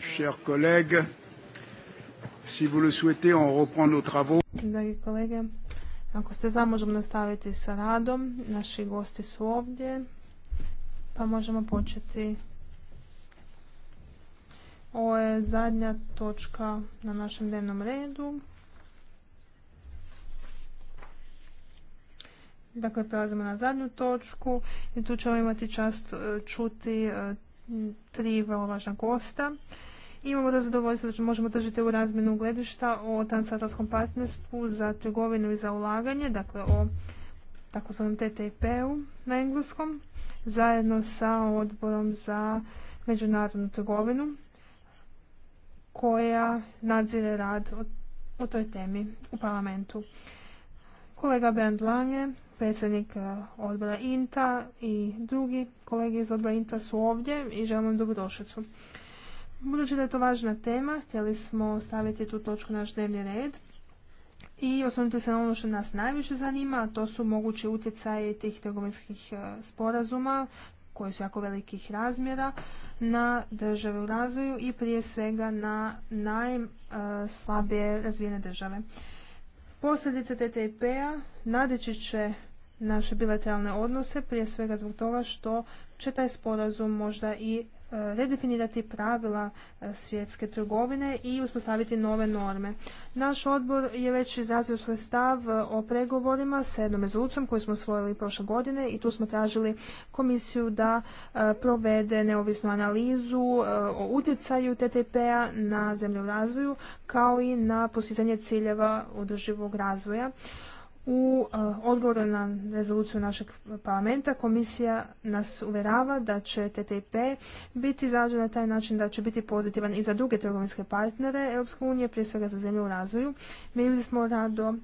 Chers collègues, si vous le souhaitez, on reprend nos travaux. Dragi kolege, ako ste za, možemo nastaviti sa radom. Naši gosti su ovdje, pa možemo početi. Ovo je zadnja točka na našem dnevnom redu. Dakle, prelazimo na zadnju točku i tu ćemo imati čast e, čuti e, tri vrlo važna gosta imamo da zadovoljstvo da možemo držati u razmjenu gledišta o transatlantskom partnerstvu za trgovinu i za ulaganje, dakle o takozvanom TTIP-u na engleskom, zajedno sa odborom za međunarodnu trgovinu koja nadzire rad o, o toj temi u parlamentu. Kolega Bernd Lange, predsjednik e, odbora INTA i drugi kolege iz odbora INTA su ovdje i želim vam dobrodošlicu. Budući da je to važna tema, htjeli smo staviti tu točku na naš dnevni red i osvrnuti se na ono što nas najviše zanima, a to su mogući utjecaje tih trgovinskih e, sporazuma koji su jako velikih razmjera na države u razvoju i prije svega na najslabije e, razvijene države. Posljedice TTIP-a nadeći će naše bilateralne odnose, prije svega zbog toga što će taj sporazum možda i E, redefinirati pravila e, svjetske trgovine i uspostaviti nove norme. Naš odbor je već izrazio svoj stav e, o pregovorima s jednom rezolucijom koju smo osvojili prošle godine i tu smo tražili komisiju da provede neovisnu analizu o utjecaju TTP-a na zemlju razvoju kao i na postizanje ciljeva održivog razvoja u e, odgovoru na rezoluciju našeg parlamenta komisija nas uvjerava da će TTIP biti izrađen na taj način da će biti pozitivan i za druge trgovinske partnere Europske unije, prije svega za zemlje u razvoju. Mi bismo rado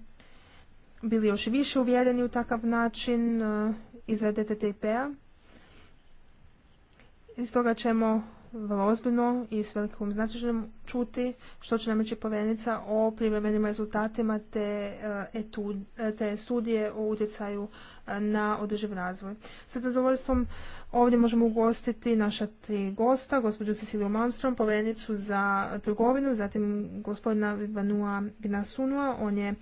bili još više uvjereni u takav način e, p-a. i TTIP-a. Iz toga ćemo vrlo ozbiljno i s velikom značajem čuti što će nam reći povjerenica o privremenim rezultatima te, e, te studije o utjecaju e, na održiv razvoj. Sa zadovoljstvom ovdje možemo ugostiti naša tri gosta, gospođu Ceciliju Malmstrom, povjerenicu za trgovinu, zatim gospodina Vanua Gnasunua, on je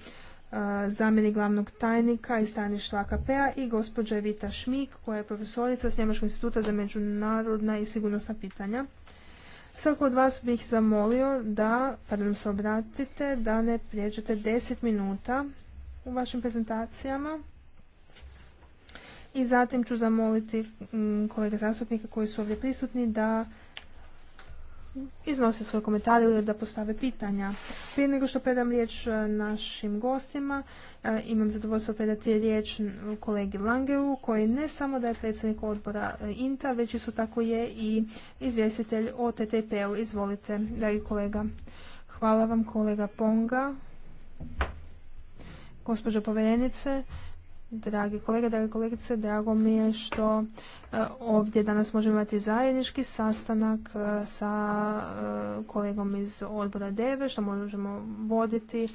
E, zamjenik glavnog tajnika i tajništva AKP-a i gospođa Evita Šmik koja je profesorica s Njemačkog instituta za međunarodna i sigurnosna pitanja. Svako od vas bih zamolio da, kada nam se obratite, da ne prijeđete deset minuta u vašim prezentacijama. I zatim ću zamoliti mm, kolege zastupnike koji su ovdje prisutni da iznose svoje komentare ili da postave pitanja. Prije nego što predam riječ e, našim gostima, e, imam zadovoljstvo predati riječ kolegi Langeru, koji ne samo da je predsjednik odbora e, INTA, već isto tako je i izvjestitelj o TTP-u. Izvolite, dragi kolega. Hvala vam kolega Ponga. Gospođo povjerenice, Dragi kolege, dragi kolegice, drago mi je što e, ovdje danas možemo imati zajednički sastanak e, sa e, kolegom iz odbora DEVE, što možemo voditi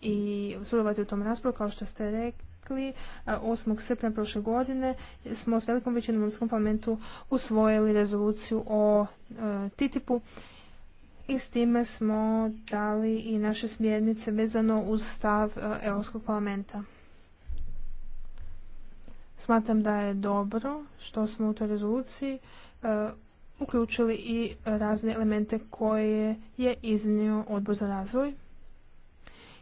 i sudjelovati u tom raspravu, kao što ste rekli. 8. srpnja prošle godine smo s velikom većinom u Europskom parlamentu usvojili rezoluciju o TTIP-u i s time smo dali i naše smjernice vezano uz stav Europskog parlamenta. Smatram da je dobro što smo u toj rezoluciji e, uključili i razne elemente koje je iznio odbor za razvoj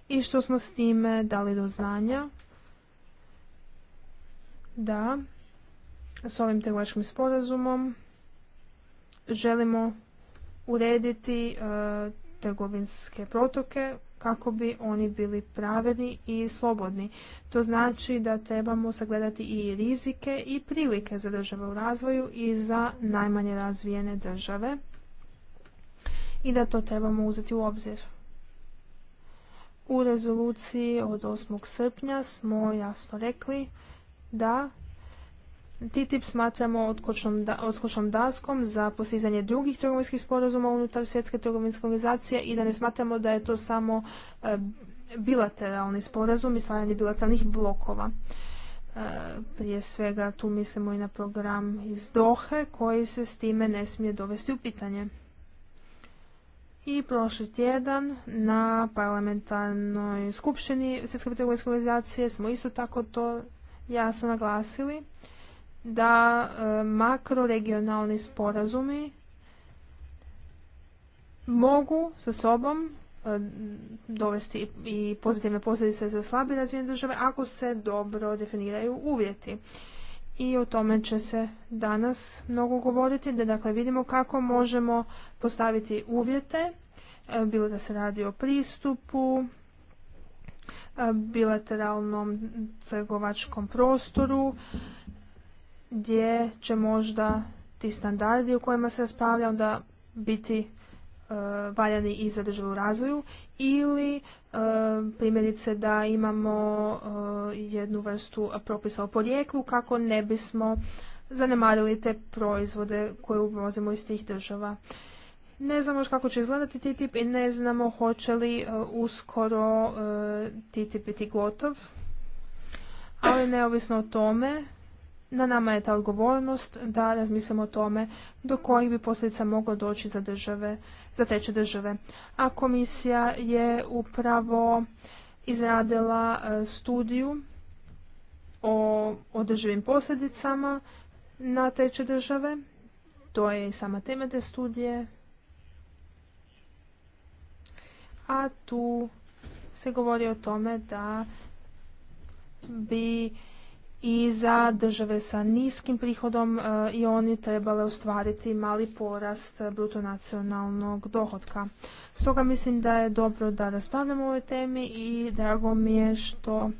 i što smo s time dali do znanja da s ovim trgovačkim sporazumom želimo urediti e, trgovinske protoke kako bi oni bili pravedni i slobodni. To znači da trebamo sagledati i rizike i prilike za države u razvoju i za najmanje razvijene države i da to trebamo uzeti u obzir. U rezoluciji od 8. srpnja smo jasno rekli da TTIP smatramo odskočnom, daskom za postizanje drugih trgovinskih sporazuma unutar svjetske trgovinske organizacije i da ne smatramo da je to samo e, bilateralni sporazum i stvaranje bilateralnih blokova. E, prije svega tu mislimo i na program iz Dohe koji se s time ne smije dovesti u pitanje. I prošli tjedan na parlamentarnoj skupštini Svjetske trgovinske organizacije smo isto tako to jasno naglasili da e, makroregionalni sporazumi mogu sa sobom e, dovesti i pozitivne posljedice za slabe razvijene države ako se dobro definiraju uvjeti. I o tome će se danas mnogo govoriti, da dakle vidimo kako možemo postaviti uvjete, e, bilo da se radi o pristupu, bilateralnom trgovačkom prostoru, gdje će možda ti standardi u kojima se raspravlja onda biti e, valjani i za državu razvoju ili e, primjerice da imamo e, jednu vrstu propisa o porijeklu kako ne bismo zanemarili te proizvode koje uvozimo iz tih država. Ne znamo još kako će izgledati TTIP i ne znamo hoće li e, uskoro TTIP biti gotov, ali neovisno o tome na nama je ta odgovornost da razmislimo o tome do kojih bi posljedica moglo doći za države, za teče države. A komisija je upravo izradila e, studiju o održivim posljedicama na teče države. To je i sama tema te studije. A tu se govori o tome da bi i za države sa niskim prihodom e, i oni trebale ostvariti mali porast bruto nacionalnog dohodka. Stoga mislim da je dobro da raspravljamo o ovoj temi i drago mi je što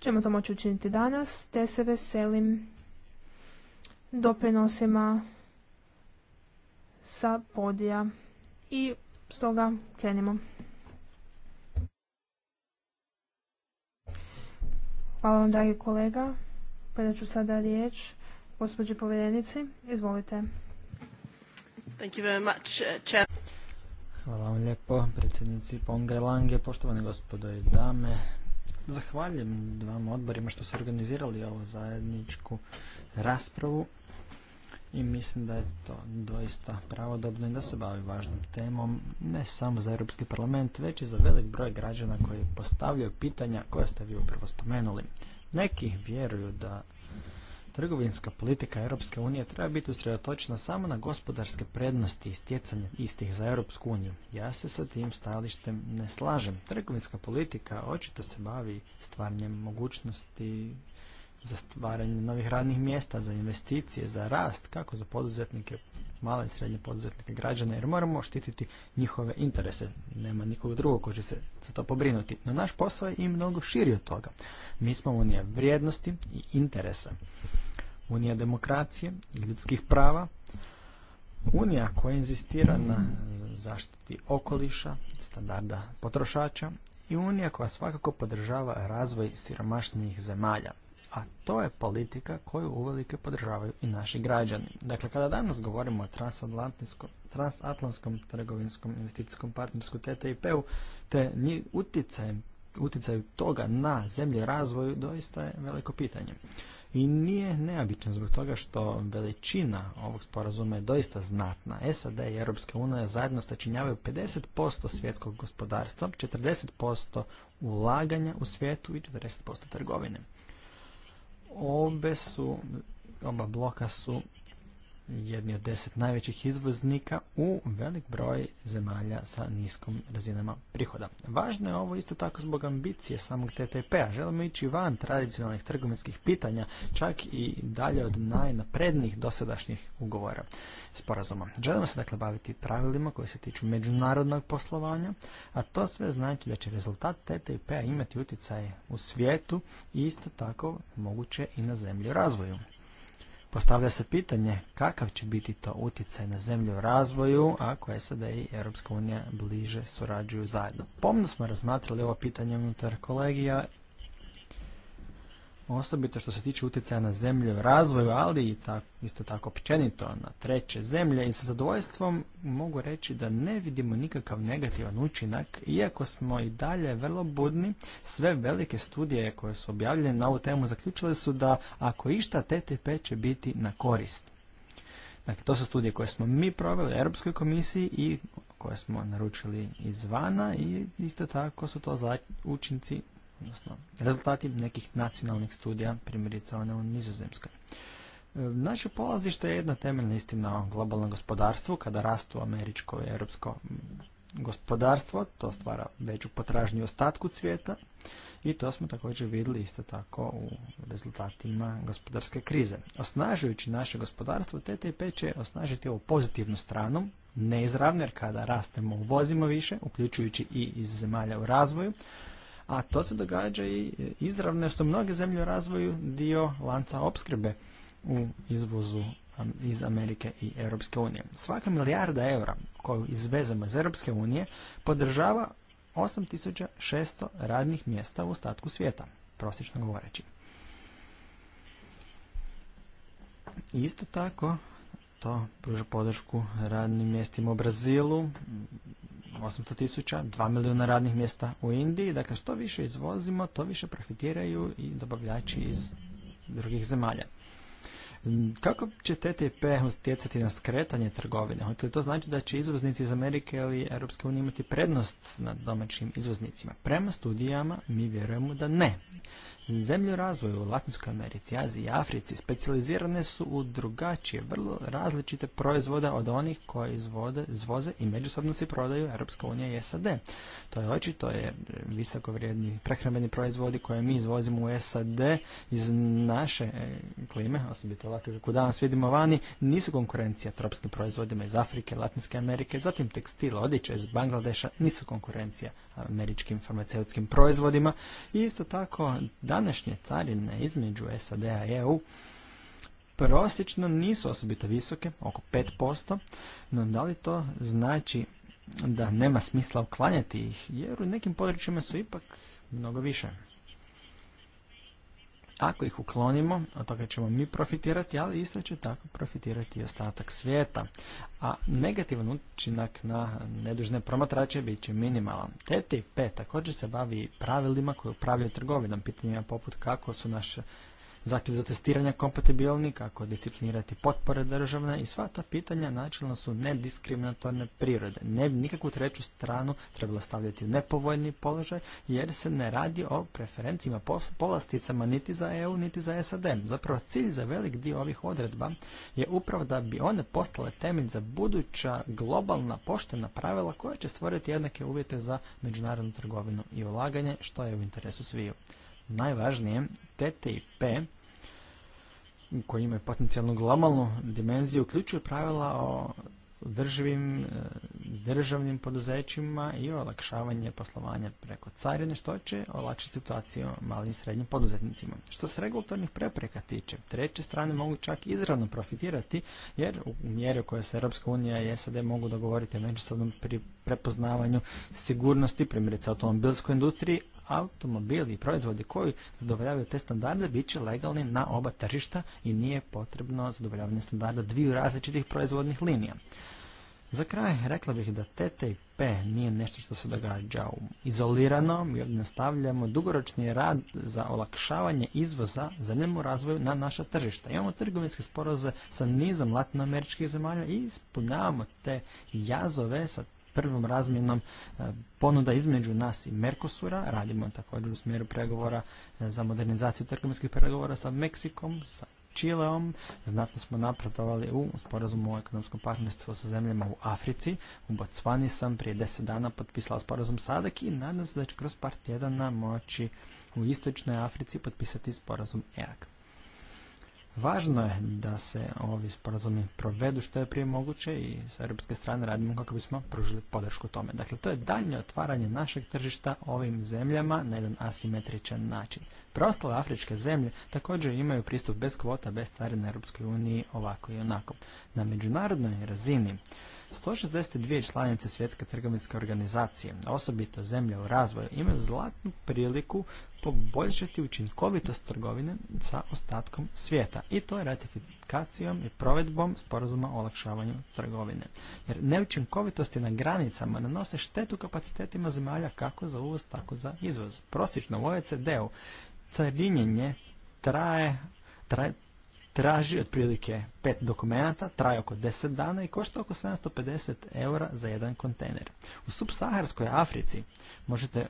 ćemo to moći učiniti danas, te se veselim doprinosima sa podija i stoga krenimo. Hvala vam, dragi kolega. Predat ću sada riječ gospođi povjerenici. Izvolite. Uh, Hvala vam lijepo, predsjednici Ponga Lange, poštovani gospodo i dame. Zahvaljujem dvama odborima što su organizirali ovu zajedničku raspravu i mislim da je to doista pravodobno i da se bavi važnom temom ne samo za Europski parlament, već i za velik broj građana koji postavljaju pitanja koje ste vi upravo spomenuli. Neki vjeruju da trgovinska politika Europske unije treba biti usredotočena samo na gospodarske prednosti i stjecanje istih za Europsku uniju. Ja se sa tim stajalištem ne slažem. Trgovinska politika očito se bavi stvarnjem mogućnosti za stvaranje novih radnih mjesta, za investicije, za rast, kako za poduzetnike, male i srednje poduzetnike, građane, jer moramo štititi njihove interese. Nema nikog drugog koji će se za to pobrinuti. No naš posao je i mnogo širi od toga. Mi smo unija vrijednosti i interesa. Unija demokracije i ljudskih prava. Unija koja inzistira na zaštiti okoliša, standarda potrošača i unija koja svakako podržava razvoj siromašnijih zemalja a to je politika koju uvelike podržavaju i naši građani. Dakle, kada danas govorimo o transatlantskom trgovinskom investicijskom partnersku TTIP-u, te ni utjecajem utjecaju toga na zemlje razvoju doista je veliko pitanje. I nije neobično zbog toga što veličina ovog sporazuma je doista znatna. SAD i Europska unija zajedno stačinjavaju 50% svjetskog gospodarstva, 40% ulaganja u svijetu i 40% trgovine. Obe su, oba bloka su jedni od deset najvećih izvoznika u velik broj zemalja sa niskom razinama prihoda. Važno je ovo isto tako zbog ambicije samog TTP-a. Želimo ići van tradicionalnih trgovinskih pitanja, čak i dalje od najnaprednijih dosadašnjih ugovora sporazuma. Želimo se dakle baviti pravilima koje se tiču međunarodnog poslovanja, a to sve znači da će rezultat ttp a imati utjecaj u svijetu i isto tako moguće i na zemlju razvoju. Postavlja se pitanje kakav će biti to utjecaj na zemlje u razvoju ako SAD i Europska unija bliže surađuju zajedno. Pomno smo razmatrali ovo pitanje unutar kolegija osobito što se tiče utjecaja na zemlje u razvoju, ali i isto tako općenito na treće zemlje i sa zadovoljstvom mogu reći da ne vidimo nikakav negativan učinak, iako smo i dalje vrlo budni, sve velike studije koje su objavljene na ovu temu zaključile su da ako išta TTP će biti na korist. Dakle, to su studije koje smo mi proveli u Europskoj komisiji i koje smo naručili izvana i isto tako su to učinci odnosno rezultati nekih nacionalnih studija, primjerice one u Nizozemskoj. E, naše polazište je jedna temeljna istina o globalnom gospodarstvu. Kada rastu američko i europsko gospodarstvo, to stvara veću potražnju ostatku svijeta i to smo također vidjeli isto tako u rezultatima gospodarske krize. Osnažujući naše gospodarstvo, TTP će osnažiti ovu pozitivnu stranu, neizravno jer kada rastemo uvozimo više, uključujući i iz zemalja u razvoju, a to se događa i izravno jer su mnoge zemlje u razvoju dio lanca opskrbe u izvozu um, iz Amerike i Europske unije. Svaka milijarda eura koju izvezemo iz Europske unije podržava 8600 radnih mjesta u ostatku svijeta, prosječno govoreći. Isto tako, to pruža podršku radnim mjestima u Brazilu, 800 tisuća, 2 milijuna radnih mjesta u Indiji. Dakle, što više izvozimo, to više profitiraju i dobavljači iz drugih zemalja. Kako će TTIP utjecati na skretanje trgovine? Hoće li to znači da će izvoznici iz Amerike ili Europske unije imati prednost nad domaćim izvoznicima? Prema studijama mi vjerujemo da ne. Zemlje u razvoju u Latinskoj Americi, Aziji i Africi specijalizirane su u drugačije, vrlo različite proizvode od onih koje izvoze i međusobno se prodaju Europska unija i SAD. To je očito je visoko vrijedni prehrambeni proizvodi koje mi izvozimo u SAD iz naše e, klime, osobito ovakve kako danas vidimo vani, nisu konkurencija tropskim proizvodima iz Afrike, Latinske Amerike, zatim tekstil, odjeća iz Bangladeša nisu konkurencija američkim farmaceutskim proizvodima i isto tako da današnje carine između SAD-a i EU prosječno nisu osobito visoke, oko 5%, no da li to znači da nema smisla uklanjati ih, jer u nekim područjima su ipak mnogo više. Ako ih uklonimo, od toga ćemo mi profitirati, ali isto će tako profitirati i ostatak svijeta. A negativan učinak na nedužne promatrače bit će minimalan. TTIP također se bavi pravilima koje upravljaju trgovinom, pitanjima poput kako su naše zahtjev za testiranje kompatibilni, kako disciplinirati potpore državne i sva ta pitanja načelno su nediskriminatorne prirode. Ne bi nikakvu treću stranu trebalo stavljati u nepovoljni položaj jer se ne radi o preferencijima polasticama niti za EU niti za SAD. Zapravo cilj za velik dio ovih odredba je upravo da bi one postale temelj za buduća globalna poštena pravila koja će stvoriti jednake uvjete za međunarodnu trgovinu i ulaganje što je u interesu sviju najvažnije, TTIP koji imaju potencijalnu globalnu dimenziju uključuje pravila o drživim, e, državnim poduzećima i olakšavanje poslovanja preko carine, što će olakšati situaciju malim i srednjim poduzetnicima. Što se regulatornih prepreka tiče, treće strane mogu čak izravno profitirati, jer u mjeru u kojoj se Europska unija i SAD mogu dogovoriti o međusobnom prepoznavanju sigurnosti, primjerice automobilskoj industriji, automobili i proizvodi koji zadovoljavaju te standarde bit će legalni na oba tržišta i nije potrebno zadovoljavanje standarda dviju različitih proizvodnih linija. Za kraj rekla bih da TTIP nije nešto što se događa izolirano, mi nastavljamo dugoročni rad za olakšavanje izvoza za u razvoju na naša tržišta. Imamo trgovinske sporoze sa nizom latinoameričkih zemalja i ispunjavamo te jazove sa prvom razmjenom e, ponuda između nas i Mercosura. Radimo također u smjeru pregovora e, za modernizaciju trgovinskih pregovora sa Meksikom, sa Čileom. Znatno smo napredovali u sporazumu o ekonomskom partnerstvu sa zemljama u Africi. U Botswani sam prije deset dana potpisala sporazum Sadak e i nadam se da će kroz par tjedana moći u Istočnoj Africi potpisati sporazum EAK. Važno je da se ovi sporazumi provedu što je prije moguće i s europske strane radimo kako bismo pružili podršku tome. Dakle, to je daljnje otvaranje našeg tržišta ovim zemljama na jedan asimetričan način. Preostale afričke zemlje također imaju pristup bez kvota, bez carina Europskoj uniji ovako i onako. Na međunarodnoj razini 162 članice svjetske trgovinske organizacije, osobito zemlje u razvoju, imaju zlatnu priliku poboljšati učinkovitost trgovine sa ostatkom svijeta i to je ratifikacijom i provedbom sporazuma o olakšavanju trgovine. Jer neučinkovitosti na granicama nanose štetu kapacitetima zemalja kako za uvoz, tako za izvoz. Prosječno u OECD-u carinjenje traje, traje traži otprilike pet dokumenata, traje oko 10 dana i košta oko 750 eura za jedan kontejner. U subsaharskoj Africi možete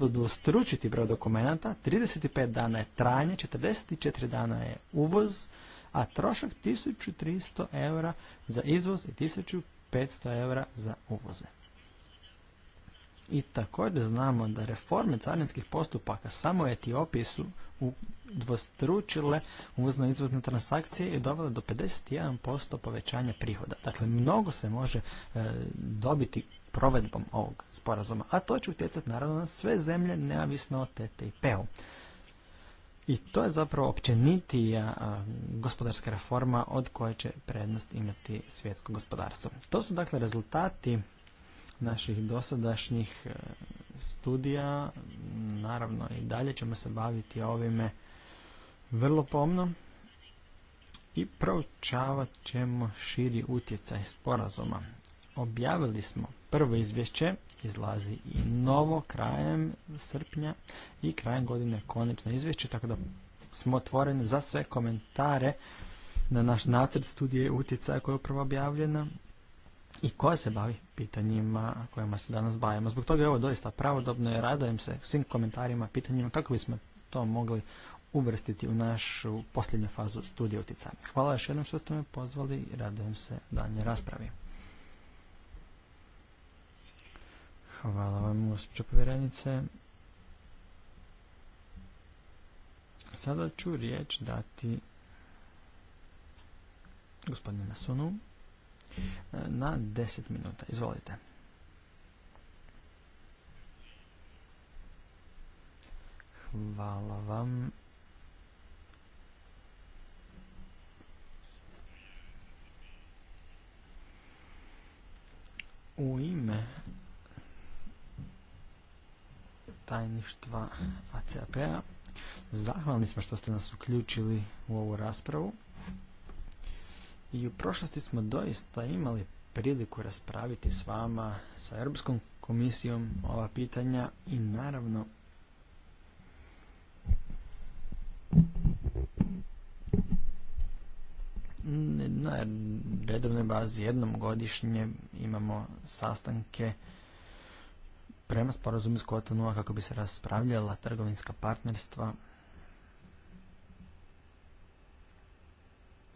udvostručiti broj dokumenata, 35 dana je trajanje, 44 dana je uvoz, a trošak 1300 eura za izvoz i 1500 eura za uvoze. I također znamo da reforme carinskih postupaka samo u Etiopiji su udvostručile uvozno-izvozne transakcije i dovele do 51% povećanja prihoda. Dakle, mnogo se može e, dobiti provedbom ovog sporazuma, a to će utjecati naravno na sve zemlje neavisno o TTIP-u. I to je zapravo općenitija gospodarska reforma od koje će prednost imati svjetsko gospodarstvo. To su dakle rezultati naših dosadašnjih e, studija, naravno i dalje ćemo se baviti ovime vrlo pomno i proučavat ćemo širi utjecaj sporazuma. Objavili smo prvo izvješće, izlazi i novo krajem srpnja i krajem godine konačno izvješće, tako da smo otvoreni za sve komentare na naš nacrt studije utjecaja koja je upravo objavljena i koja se bavi pitanjima kojima se danas bavimo. Zbog toga je ovo doista pravodobno i radojem se svim komentarima, pitanjima kako bismo to mogli uvrstiti u našu posljednju fazu studija utjecaja. Hvala još jednom što ste me pozvali i radujem se danje raspravi. Hvala vam, gospođo povjerenice. Sada ću riječ dati gospodine Nasunu na 10 minuta. Izvolite. Hvala vam. U ime tajništva ACAP-a zahvalni smo što ste nas uključili u ovu raspravu. I u prošlosti smo doista imali priliku raspraviti s vama, sa Europskom komisijom ova pitanja i naravno na redovnoj bazi jednom godišnje imamo sastanke prema sporazumu s kako bi se raspravljala trgovinska partnerstva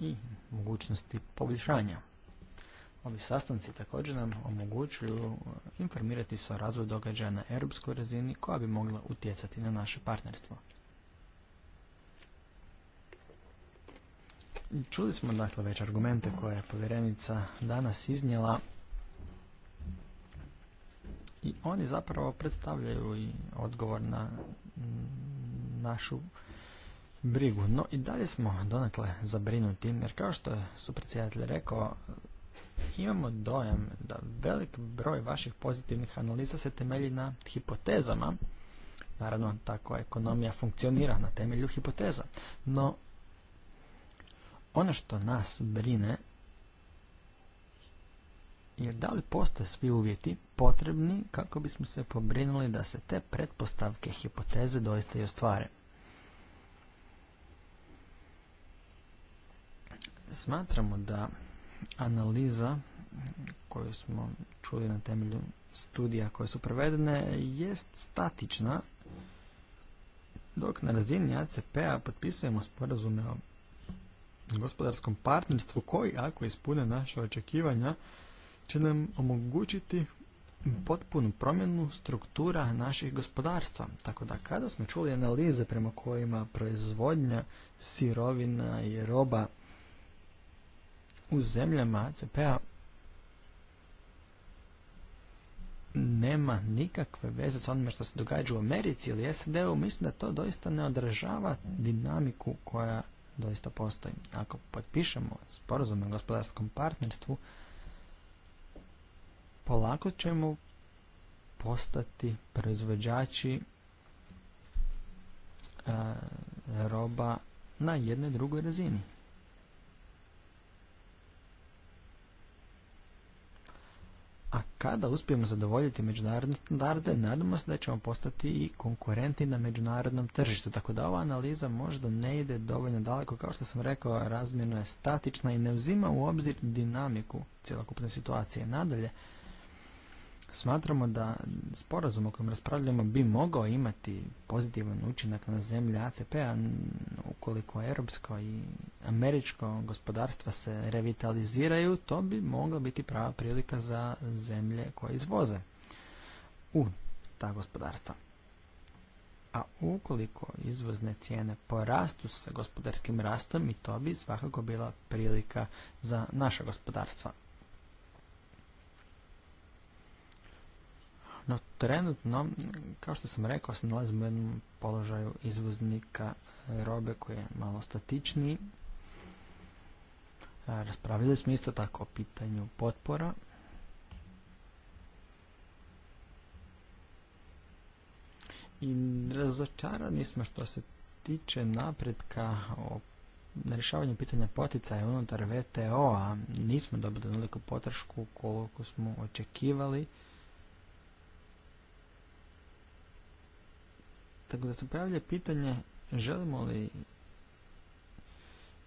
i mogućnosti poboljšanja. Ovi sastanci također nam omogućuju uh, informirati se o razvoju događaja na europskoj razini koja bi mogla utjecati na naše partnerstvo. Čuli smo dakle već argumente koje je povjerenica danas iznijela i oni zapravo predstavljaju i odgovor na mm, našu brigu. No i dalje smo donekle zabrinuti, jer kao što su predsjedatelj rekao, imamo dojam da velik broj vaših pozitivnih analiza se temelji na hipotezama. Naravno, tako ekonomija funkcionira na temelju hipoteza. No, ono što nas brine je da li postoje svi uvjeti potrebni kako bismo se pobrinuli da se te pretpostavke hipoteze doista i ostvare. Smatramo da analiza koju smo čuli na temelju studija koje su provedene jest statična, dok na razini ACP-a potpisujemo sporazume o gospodarskom partnerstvu koji, ako ispune naše očekivanja, će nam omogućiti potpunu promjenu struktura naših gospodarstva. Tako da kada smo čuli analize prema kojima proizvodnja sirovina i roba u zemljama cpa nema nikakve veze s onime što se događa u Americi ili SAD-u, mislim da to doista ne odražava dinamiku koja doista postoji. Ako potpišemo sporazum o gospodarskom partnerstvu, polako ćemo postati proizvođači roba na jednoj drugoj razini. A kada uspijemo zadovoljiti međunarodne standarde, nadamo se da ćemo postati i konkurenti na međunarodnom tržištu. Tako da ova analiza možda ne ide dovoljno daleko, kao što sam rekao, razmjerno je statična i ne uzima u obzir dinamiku cjelokupne situacije. Nadalje, Smatramo da sporazum o kojem raspravljamo bi mogao imati pozitivan učinak na zemlje ACP-a ukoliko europsko i američko gospodarstva se revitaliziraju, to bi mogla biti prava prilika za zemlje koje izvoze u ta gospodarstva. A ukoliko izvozne cijene porastu sa gospodarskim rastom i to bi svakako bila prilika za naša gospodarstva. No trenutno, kao što sam rekao, se nalazimo u jednom položaju izvoznika e, robe koji je malo statičniji. E, raspravili smo isto tako o pitanju potpora. I razočarani smo što se tiče napretka o na rješavanju pitanja poticaja unutar VTO-a nismo dobili onoliko potršku koliko smo očekivali. Tako da se pojavlja pitanje želimo li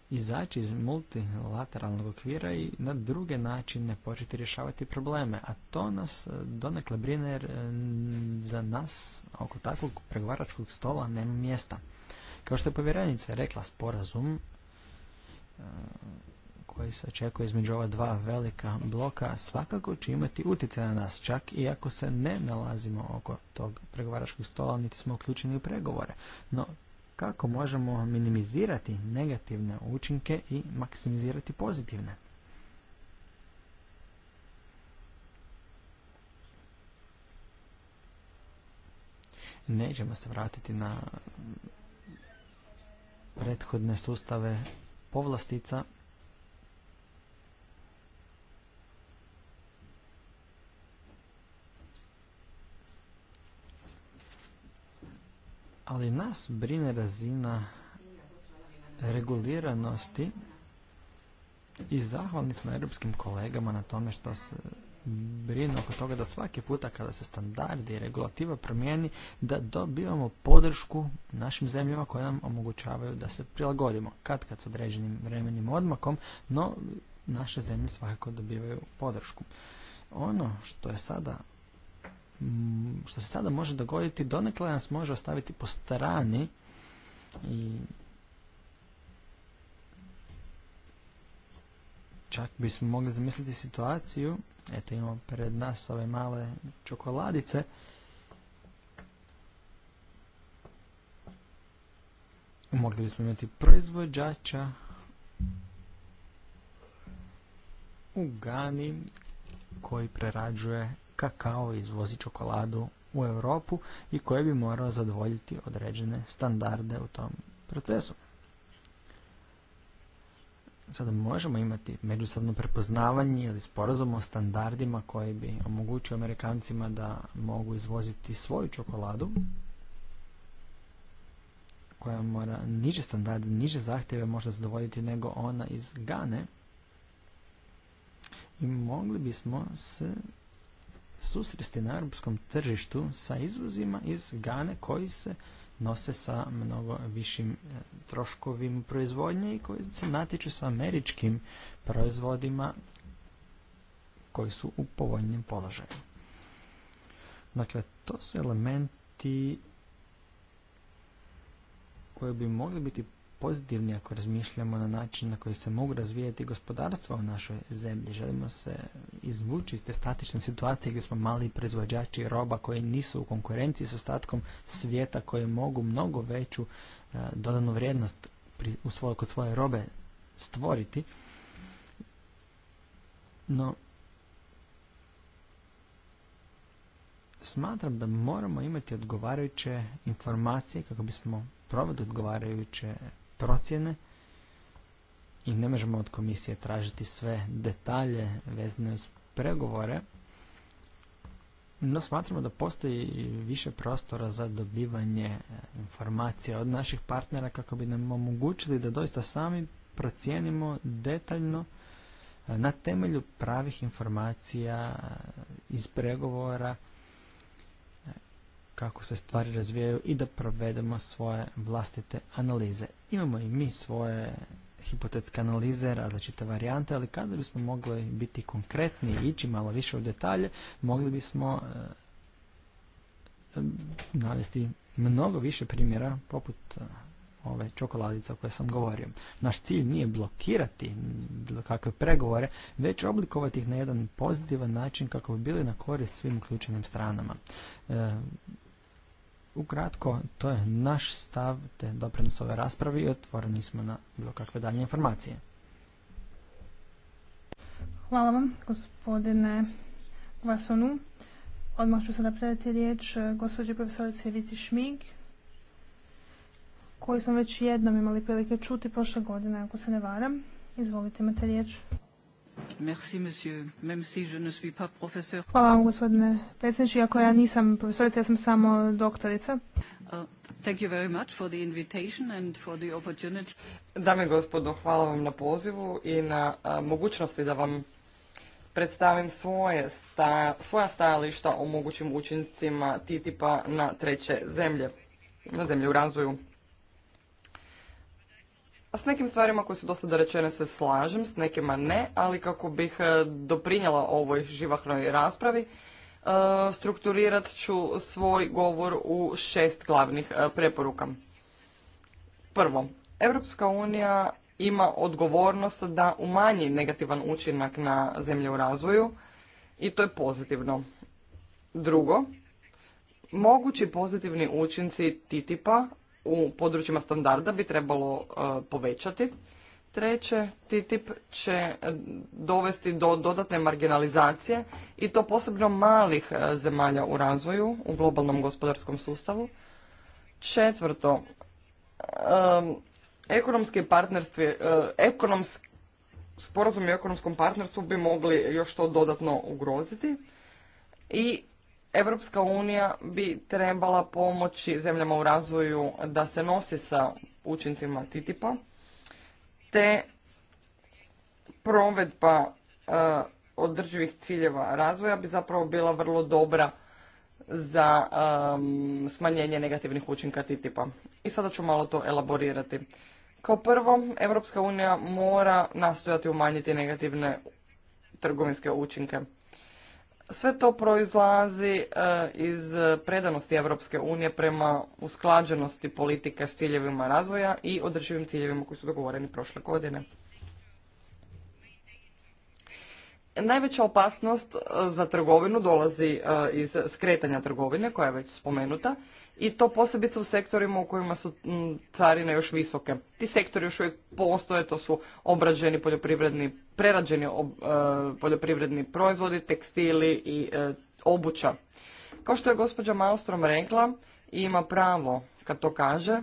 izaći iz multilateralnog okvira i na druge načine početi rješavati probleme. A to nas e, donekle brine jer e, za nas oko takvog pregovaračkog stola nema mjesta. Kao što je povjerenica rekla, sporazum e, koji se očekuje između ova dva velika bloka svakako će imati utjecaj na nas čak i ako se ne nalazimo oko tog pregovaračkog stola niti smo uključeni u pregovore. No kako možemo minimizirati negativne učinke i maksimizirati pozitivne? Nećemo se vratiti na prethodne sustave povlastica ali nas brine razina reguliranosti i zahvalni smo europskim kolegama na tome što se brinu oko toga da svaki puta kada se standardi i regulativa promijeni da dobivamo podršku našim zemljama koje nam omogućavaju da se prilagodimo kad kad s određenim vremenim odmakom, no naše zemlje svakako dobivaju podršku. Ono što je sada Mm, što se sada može dogoditi, donekle nas može ostaviti po strani i čak bismo mogli zamisliti situaciju, eto imamo pred nas ove male čokoladice, mogli bismo imati proizvođača u Gani koji prerađuje kakao izvozi čokoladu u Europu i koje bi morao zadovoljiti određene standarde u tom procesu. Sada možemo imati međusobno prepoznavanje ili sporazum o standardima koji bi omogućio Amerikancima da mogu izvoziti svoju čokoladu koja mora niže standarde, niže zahtjeve možda zadovoljiti nego ona iz Gane i mogli bismo se susresti na europskom tržištu sa izvozima iz Gane koji se nose sa mnogo višim e, troškovim proizvodnje i koji se natječu sa američkim proizvodima koji su u povoljnim položaju. Dakle, to su elementi koji bi mogli biti pozitivni ako razmišljamo na način na koji se mogu razvijati gospodarstva u našoj zemlji. Želimo se izvući iz te statične situacije gdje smo mali proizvođači roba koji nisu u konkurenciji s ostatkom svijeta koji mogu mnogo veću e, dodanu vrijednost u svoj, kod svoje robe stvoriti. No, smatram da moramo imati odgovarajuće informacije kako bismo proveli odgovarajuće procjene i ne možemo od komisije tražiti sve detalje vezane uz pregovore, no smatramo da postoji više prostora za dobivanje e, informacija od naših partnera kako bi nam omogućili da doista sami procijenimo detaljno e, na temelju pravih informacija e, iz pregovora kako se stvari razvijaju i da provedemo svoje vlastite analize. Imamo i mi svoje hipotetske analize, različite varijante, ali kada bismo mogli biti konkretni i ići malo više u detalje, mogli bismo eh, navesti mnogo više primjera poput eh, ove čokoladice o kojoj sam govorio. Naš cilj nije blokirati bilo kakve pregovore, već oblikovati ih na jedan pozitivan način kako bi bili na korist svim uključenim stranama. E, Ukratko, to je naš stav te doprinos ove raspravi i otvoreni smo na bilo kakve dalje informacije. Hvala vam, gospodine Vasonu. Odmah ću sada predati riječ e, gospođe profesorice Viti Šmig, koju sam već jednom imali prilike čuti prošle godine, ako se ne varam. Izvolite, imate riječ. Hvala vam, gospodine predsjedniče. Iako ja nisam profesorica, ja sam samo doktorica. Uh, thank you Dame i gospodo, hvala vam na pozivu i na mogućnosti da vam predstavim svoje sta, svoja stajališta o mogućim učincima TTIP-a na treće zemlje, na zemlje u razvoju. A s nekim stvarima koje su dosada rečene se slažem, s nekima ne, ali kako bih e, doprinjela ovoj živahnoj raspravi, e, strukturirat ću svoj govor u šest glavnih e, preporuka. Prvo, Europska unija ima odgovornost da umanji negativan učinak na zemlje u razvoju i to je pozitivno. Drugo, mogući pozitivni učinci TTIP-a u područjima standarda bi trebalo e, povećati. Treće, TTIP će e, dovesti do dodatne marginalizacije i to posebno malih e, zemalja u razvoju, u globalnom gospodarskom sustavu. Četvrto, ekonomski partnerstvi, ekonomski i ekonomskom partnerstvu bi mogli još to dodatno ugroziti. I Europska unija bi trebala pomoći zemljama u razvoju da se nosi sa učincima TTIP-a, te provedba e, održivih ciljeva razvoja bi zapravo bila vrlo dobra za smanjenje negativnih učinka TTIP-a. I sada ću malo to elaborirati. Kao prvo, Europska unija mora nastojati umanjiti negativne trgovinske učinke. Sve to proizlazi e, iz predanosti Europske unije prema usklađenosti politike s ciljevima razvoja i održivim ciljevima koji su dogovoreni prošle godine. Najveća opasnost e, za trgovinu dolazi e, iz skretanja trgovine koja je već spomenuta i to posebice u sektorima u kojima su mm, carine još visoke. Ti sektori još uvijek postoje, to su obrađeni poljoprivredni, prerađeni e, poljoprivredni proizvodi, tekstili i e, obuća. Kao što je gospođa Malstrom rekla, ima pravo kad to kaže,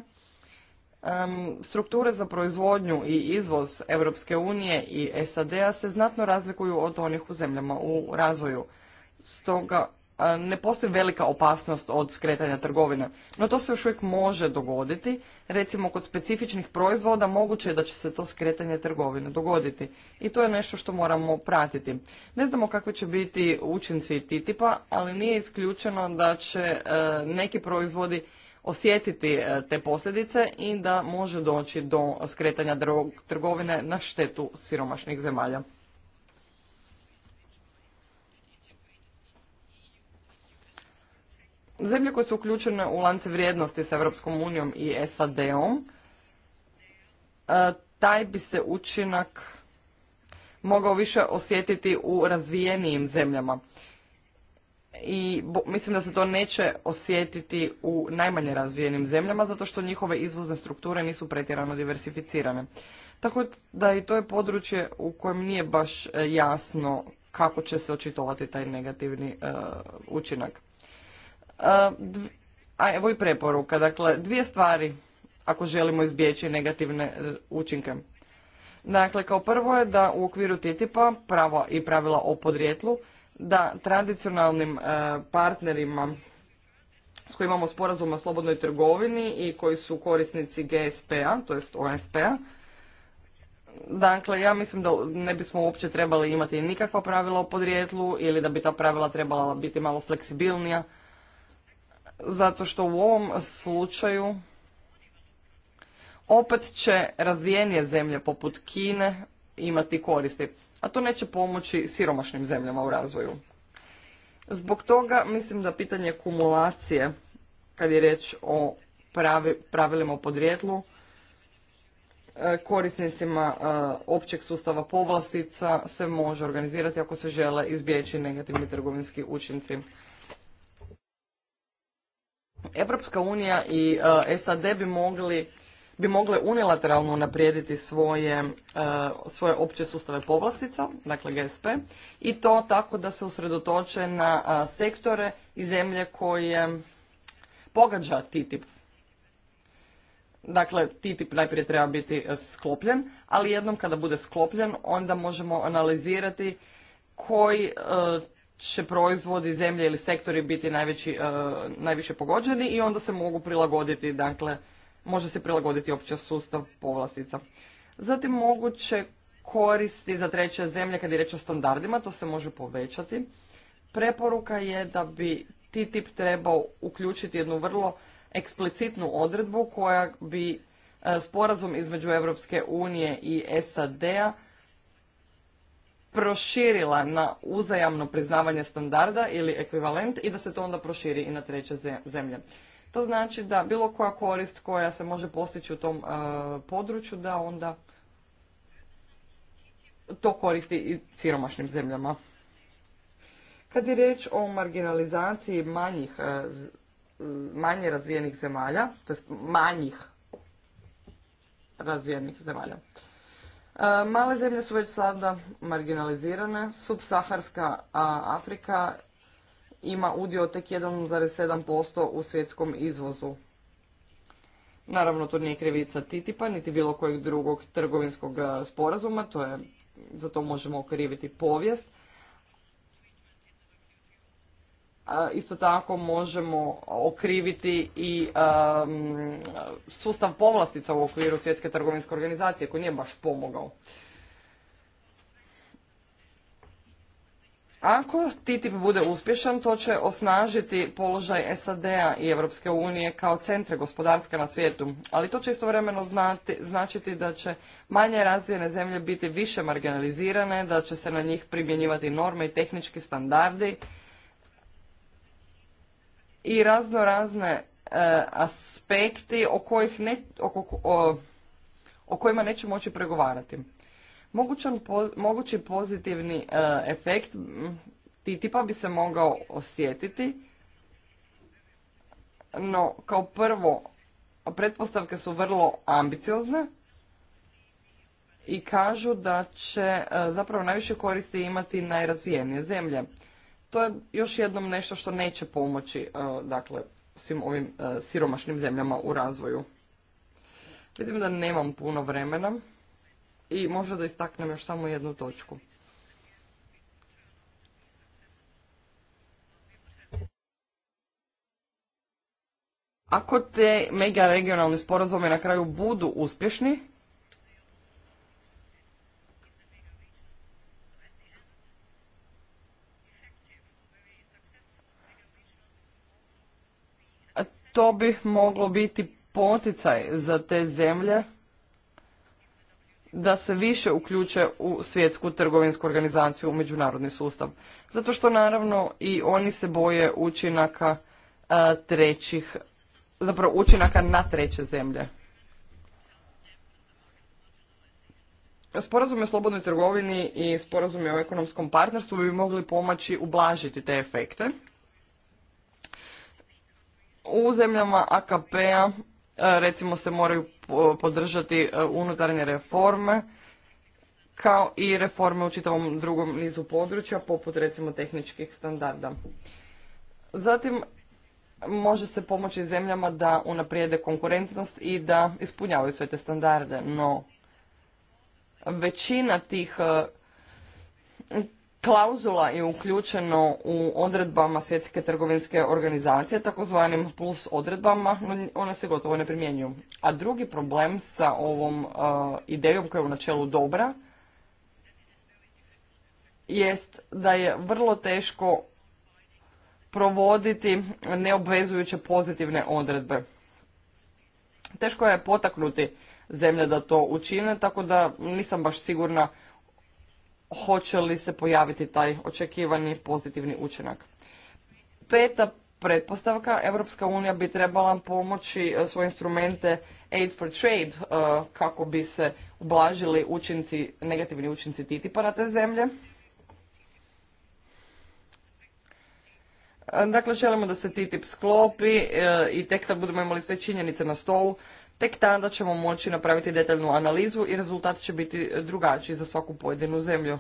strukture za proizvodnju i izvoz Europske unije i SAD-a se znatno razlikuju od onih u zemljama u razvoju. Stoga ne postoji velika opasnost od skretanja trgovine. No to se još uvijek može dogoditi. Recimo kod specifičnih proizvoda moguće je da će se to skretanje trgovine dogoditi. I to je nešto što moramo pratiti. Ne znamo kakvi će biti učinci TTIP-a, ali nije isključeno da će e, neki proizvodi osjetiti e, te posljedice i da može doći do skretanja trgovine na štetu siromašnih zemalja. Zemlje koje su uključene u lance vrijednosti sa Europskom unijom i SAD-om, e, taj bi se učinak mogao više osjetiti u razvijenijim zemljama. I mislim da se to neće osjetiti u najmanje razvijenim zemljama zato što njihove izvozne strukture nisu pretjerano diversificirane. Tako da i to je područje u kojem nije baš e, jasno kako će se očitovati taj negativni e, učinak. A evo i preporuka. Dakle, dvije stvari ako želimo izbjeći negativne e, učinke. Dakle, kao prvo je da u okviru TTIP-a prava i pravila o podrijetlu da tradicionalnim e, partnerima s kojima imamo sporazum o slobodnoj trgovini i koji su korisnici GSP-a, to jest OSP-a, Dakle, ja mislim da ne bismo uopće trebali imati nikakva pravila o podrijetlu ili da bi ta pravila trebala biti malo fleksibilnija zato što u ovom slučaju opet će razvijenije zemlje poput Kine imati koristi, a to neće pomoći siromašnim zemljama u razvoju. Zbog toga mislim da pitanje kumulacije, kad je reč o pravilima o podrijetlu, e, korisnicima e, općeg sustava povlasica se može organizirati ako se žele izbjeći negativni trgovinski učinci. Evropska unija i e, SAD bi mogli bi mogle unilateralno naprijediti svoje, e, svoje opće sustave povlastica, dakle GSP, i to tako da se usredotoče na e, sektore i zemlje koje pogađa TTIP. Dakle, TTIP najprije treba biti sklopljen, ali jednom kada bude sklopljen, onda možemo analizirati koji će proizvodi zemlje ili sektori biti najveći, e, najviše pogođeni i onda se mogu prilagoditi, dakle, može se prilagoditi opća sustav povlastica. Zatim moguće koristi za treće zemlje kad je reč o standardima, to se može povećati. Preporuka je da bi TIP trebao uključiti jednu vrlo eksplicitnu odredbu koja bi e, sporazum između Europske unije i SAD-a proširila na uzajamno priznavanje standarda ili ekvivalent i da se to onda proširi i na treće zemlje. To znači da bilo koja korist koja se može postići u tom e, području, da onda to koristi i siromašnim zemljama. Kad je riječ o marginalizaciji manjih, e, manje razvijenih zemalja, to jest manjih razvijenih zemalja, E, male zemlje su već sada marginalizirane. Subsaharska Afrika ima udio tek 1,7% u svjetskom izvozu. Naravno, to nije krivica TTIP-a, niti bilo kojeg drugog trgovinskog e, sporazuma, to je, za to možemo okriviti povijest, Isto tako možemo okriviti i sustav povlastica u okviru svjetske trgovinske organizacije koji nije baš pomogao. Ako TTIP bude uspješan, to će osnažiti položaj SAD-a i Europske unije kao centre gospodarske na svijetu, ali to će istovremeno značiti da će manje razvijene zemlje biti više marginalizirane, da će se na njih primjenjivati norme i tehnički standardi, i razno razne e, aspekti o, kojih o, o kojima neće moći pregovarati. mogući pozitivni e, efekt ti tipa bi se mogao osjetiti, no kao prvo pretpostavke su vrlo ambiciozne i kažu da će e, zapravo najviše koristi imati najrazvijenije zemlje to je još jednom nešto što neće pomoći e, dakle, svim ovim e, siromašnim zemljama u razvoju. Vidim da nemam puno vremena i možda da istaknem još samo jednu točku. Ako te mega regionalni sporazumi na kraju budu uspješni, to bi moglo biti poticaj za te zemlje da se više uključe u svjetsku trgovinsku organizaciju, u međunarodni sustav. Zato što naravno i oni se boje učinaka trećih, zapravo učinaka na treće zemlje. Sporazume o slobodnoj trgovini i sporazume o ekonomskom partnerstvu bi mogli pomaći ublažiti te efekte u zemljama AKP-a e, recimo se moraju podržati e, unutarnje reforme kao i reforme u čitavom drugom nizu područja poput recimo tehničkih standarda. Zatim može se pomoći zemljama da unaprijede konkurentnost i da ispunjavaju sve te standarde, no većina tih e, klauzula je uključeno u odredbama svjetske trgovinske organizacije, takozvanim plus odredbama, no one se gotovo ne primjenjuju. A drugi problem sa ovom uh, idejom koja je u načelu dobra, jest da je vrlo teško provoditi neobvezujuće pozitivne odredbe. Teško je potaknuti zemlje da to učine, tako da nisam baš sigurna hoće li se pojaviti taj očekivani pozitivni učinak. Peta pretpostavka, Europska unija bi trebala pomoći e, svoje instrumente Aid for Trade e, kako bi se ublažili učinci, negativni učinci TTIP-a na te zemlje. E, dakle, želimo da se TTIP sklopi i tek kad budemo imali sve činjenice na stolu, Tek tada ćemo moći napraviti detaljnu analizu i rezultat će biti drugačiji za svaku pojedinu zemlju.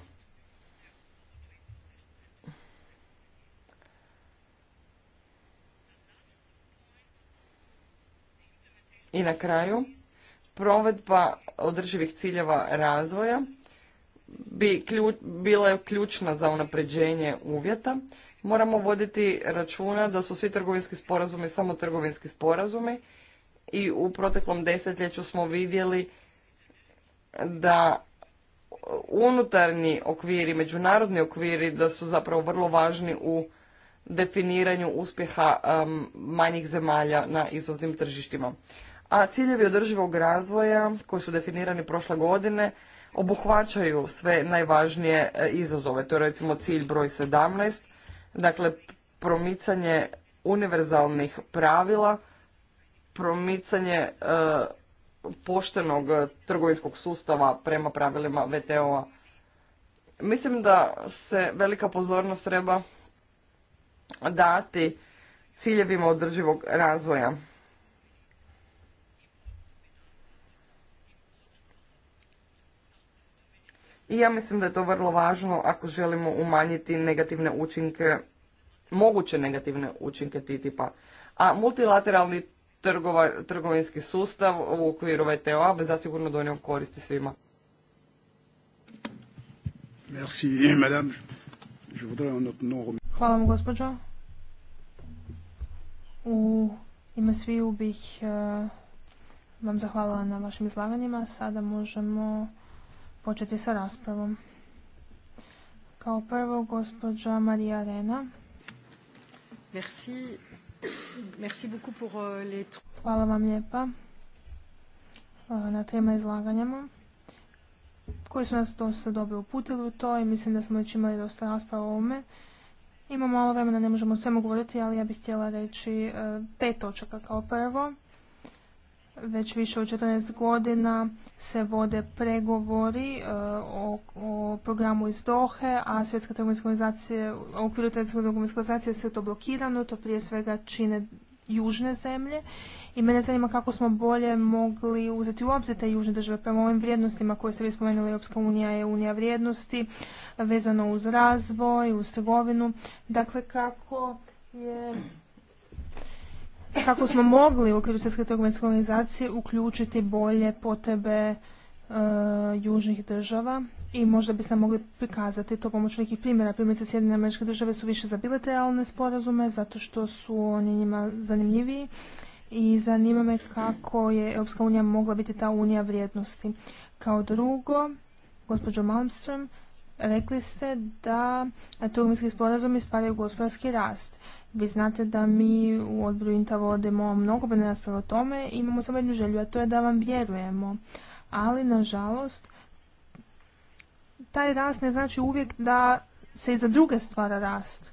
I na kraju, provedba održivih ciljeva razvoja bi bila je ključna za unapređenje uvjeta. Moramo voditi računa da su svi trgovinski sporazumi samo trgovinski sporazumi i u proteklom desetljeću smo vidjeli da unutarnji okviri, međunarodni okviri da su zapravo vrlo važni u definiranju uspjeha um, manjih zemalja na izvoznim tržištima. A ciljevi održivog razvoja koji su definirani prošle godine obuhvaćaju sve najvažnije e, izazove. To je recimo cilj broj 17, dakle promicanje univerzalnih pravila promicanje e, poštenog e, trgovinskog sustava prema pravilima VTO-a. Mislim da se velika pozornost treba dati ciljevima održivog razvoja. I ja mislim da je to vrlo važno ako želimo umanjiti negativne učinke, moguće negativne učinke TTIP-a. A multilateralni trgovinski sustav u okviru VTO-a bi zasigurno donio koristi svima. Hvala vam gospođo. U ime sviju bih eh, vam zahvalila na vašim izlaganjima. Sada možemo početi sa raspravom. Kao prvo gospođa Marija Rena. Merci. Euh, Hvala vam lijepa uh, na trema izlaganjama koji su nas dosta dobro uputili u to i mislim da smo već imali dosta rasprava o ovome. Imamo malo vremena, ne možemo svemu govoriti, ali ja bih htjela reći uh, pet točaka kao prvo. Već više od 14 godina se vode pregovori e, o, programu iz Dohe, a svjetska trgovinska organizacija, u okviru svjetske trgovinske sve to blokirano, to prije svega čine južne zemlje i mene zanima kako smo bolje mogli uzeti u obzir te južne države prema ovim vrijednostima koje ste vi spomenuli Europska unija je unija vrijednosti vezano uz razvoj, uz trgovinu dakle kako je kako smo mogli u okviru Svjetske trgovinske organizacije uključiti bolje potrebe e, južnih država i možda bismo mogli prikazati to pomoću nekih primjera. Primjerice Sjedinjene američke države su više za bilateralne sporazume zato što su oni njima zanimljiviji i zanima me kako je Europska unija mogla biti ta unija vrijednosti. Kao drugo, gospođo Malmström, rekli ste da trgovinski sporazumi stvaraju gospodarski rast. Vi znate da mi u odboru INTA vodimo mnogo rasprave o tome i imamo samo jednu želju, a to je da vam vjerujemo. Ali, nažalost, taj rast ne znači uvijek da se i za druge stvara rast.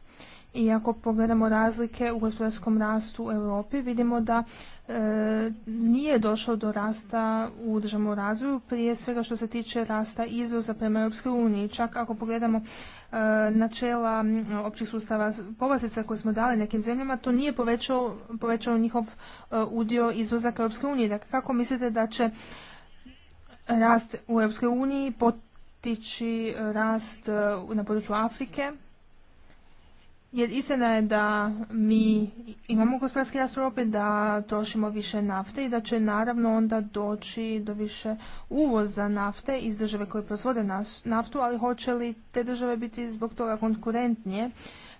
I ako pogledamo razlike u gospodarskom rastu u Europi, vidimo da e, nije došlo do rasta u državnom razvoju, prije svega što se tiče rasta izvoza prema EU. Čak ako pogledamo e, načela općih sustava povazica koje smo dali nekim zemljama, to nije povećao, povećao njihov e, udio izvoza ka Europskoj Dakle, kako mislite da će rast u EU uniji potiči rast na području Afrike? Jer istina je da mi imamo gospodarski rast u da trošimo više nafte i da će naravno onda doći do više uvoza nafte iz države koje proizvode naftu, ali hoće li te države biti zbog toga konkurentnije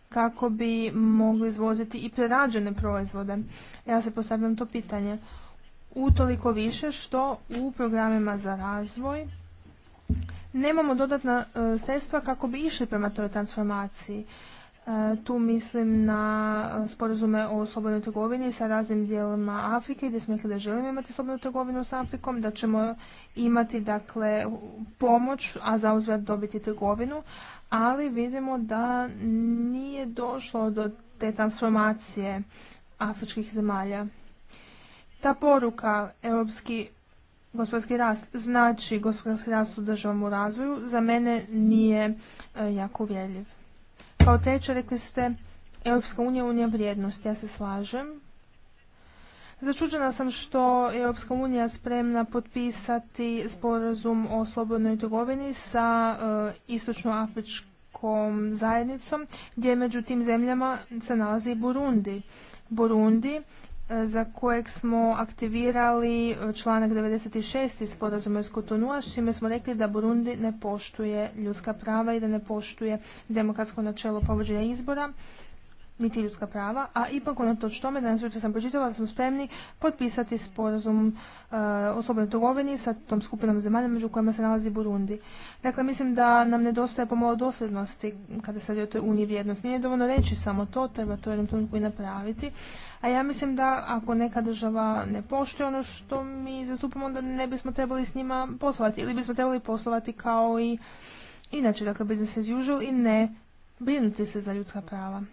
kako bi mogli izvoziti i prerađene proizvode? Ja se postavljam to pitanje. Utoliko više što u programima za razvoj nemamo dodatna e, sredstva kako bi išli prema toj transformaciji. E, tu mislim na e, sporazume o slobodnoj trgovini sa raznim dijelima Afrike gdje smo rekli da želimo imati slobodnu trgovinu sa Afrikom, da ćemo imati dakle pomoć, a za dobiti trgovinu, ali vidimo da nije došlo do te transformacije afričkih zemalja. Ta poruka europski gospodarski rast znači gospodarski rast u državom u razvoju za mene nije e, jako uvjerljiv. Kao treće rekli ste Europska unija unija vrijednost. Ja se slažem. Začuđena sam što je Europska unija spremna potpisati sporazum o slobodnoj trgovini sa e, istočnoafričkom zajednicom, gdje među tim zemljama se nalazi Burundi. Burundi za kojeg smo aktivirali članak 96. iz sporazuma iz s čime smo rekli da Burundi ne poštuje ljudska prava i da ne poštuje demokratsko načelo povođenja izbora niti ljudska prava, a ipak unatoč tome danas jutro sam pročitala da smo spremni potpisati sporazum e, o slobodnoj trgovini sa tom skupinom zemalja među kojima se nalazi Burundi. Dakle, mislim da nam nedostaje pomalo dosljednosti kada se radi o toj uniji vrijednosti. Nije dovoljno reći samo to, treba to jednom trenutku i napraviti. A ja mislim da ako neka država ne poštuje ono što mi zastupamo, onda ne bismo trebali s njima poslovati ili bismo trebali poslovati kao i inače, dakle business as usual i ne brinuti se za ljudska prava.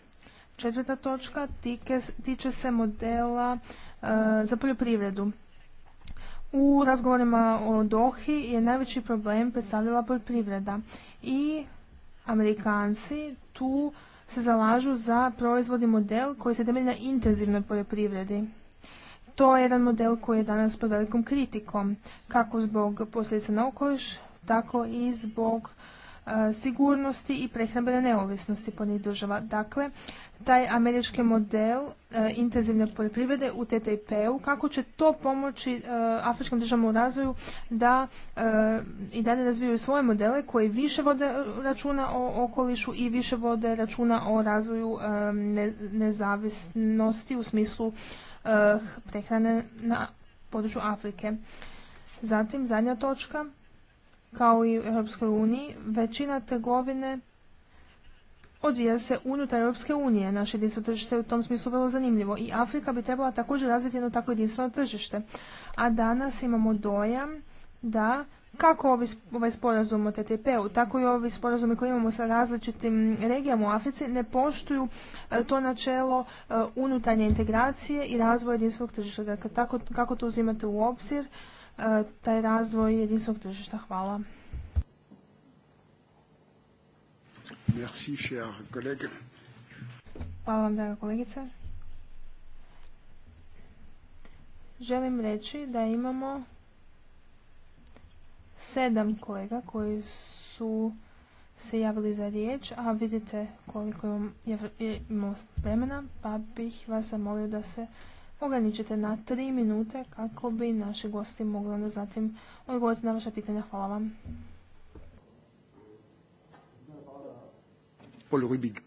Četvrta točka tiče se modela e, za poljoprivredu. U razgovorima o Dohi je najveći problem predstavljala poljoprivreda i Amerikanci tu se zalažu za proizvodni model koji se temelji na intenzivnoj poljoprivredi. To je jedan model koji je danas pod velikom kritikom, kako zbog posljedica na okoliš, tako i zbog E, sigurnosti i prehrambene neovisnosti pojedinih država. Dakle, taj američki model e, intenzivne poljoprivrede u TTIP-u, kako će to pomoći e, afričkom afričkim državama u razvoju da i dalje razvijaju svoje modele koji više vode računa o okolišu i više vode računa o razvoju nezavisnosti u smislu prehrane na području Afrike. Zatim, zadnja točka, kao i u Europskoj uniji, većina trgovine odvija se unutar Europske unije. Naše jedinstveno tržište je u tom smislu vrlo zanimljivo i Afrika bi trebala također razviti jedno takvo jedinstveno tržište. A danas imamo dojam da kako ovaj sporazum o TTP-u, tako i ovi sporazumi koji imamo sa različitim regijama u Africi ne poštuju e, to načelo e, unutarnje integracije i razvoja jedinstvenog tržišta. Dakle, tako, kako to uzimate u obzir taj razvoj jedinstvenog tržišta. Hvala. Merci, cher collègue. Hvala vam, draga kolegice. Želim reći da imamo sedam kolega koji su se javili za riječ, a vidite koliko imamo vremena, pa bih vas zamolio da se ograničite na tri minute kako bi naši gosti mogli onda zatim odgovoriti na vaša pitanja. Hvala vam. Paul Rubik.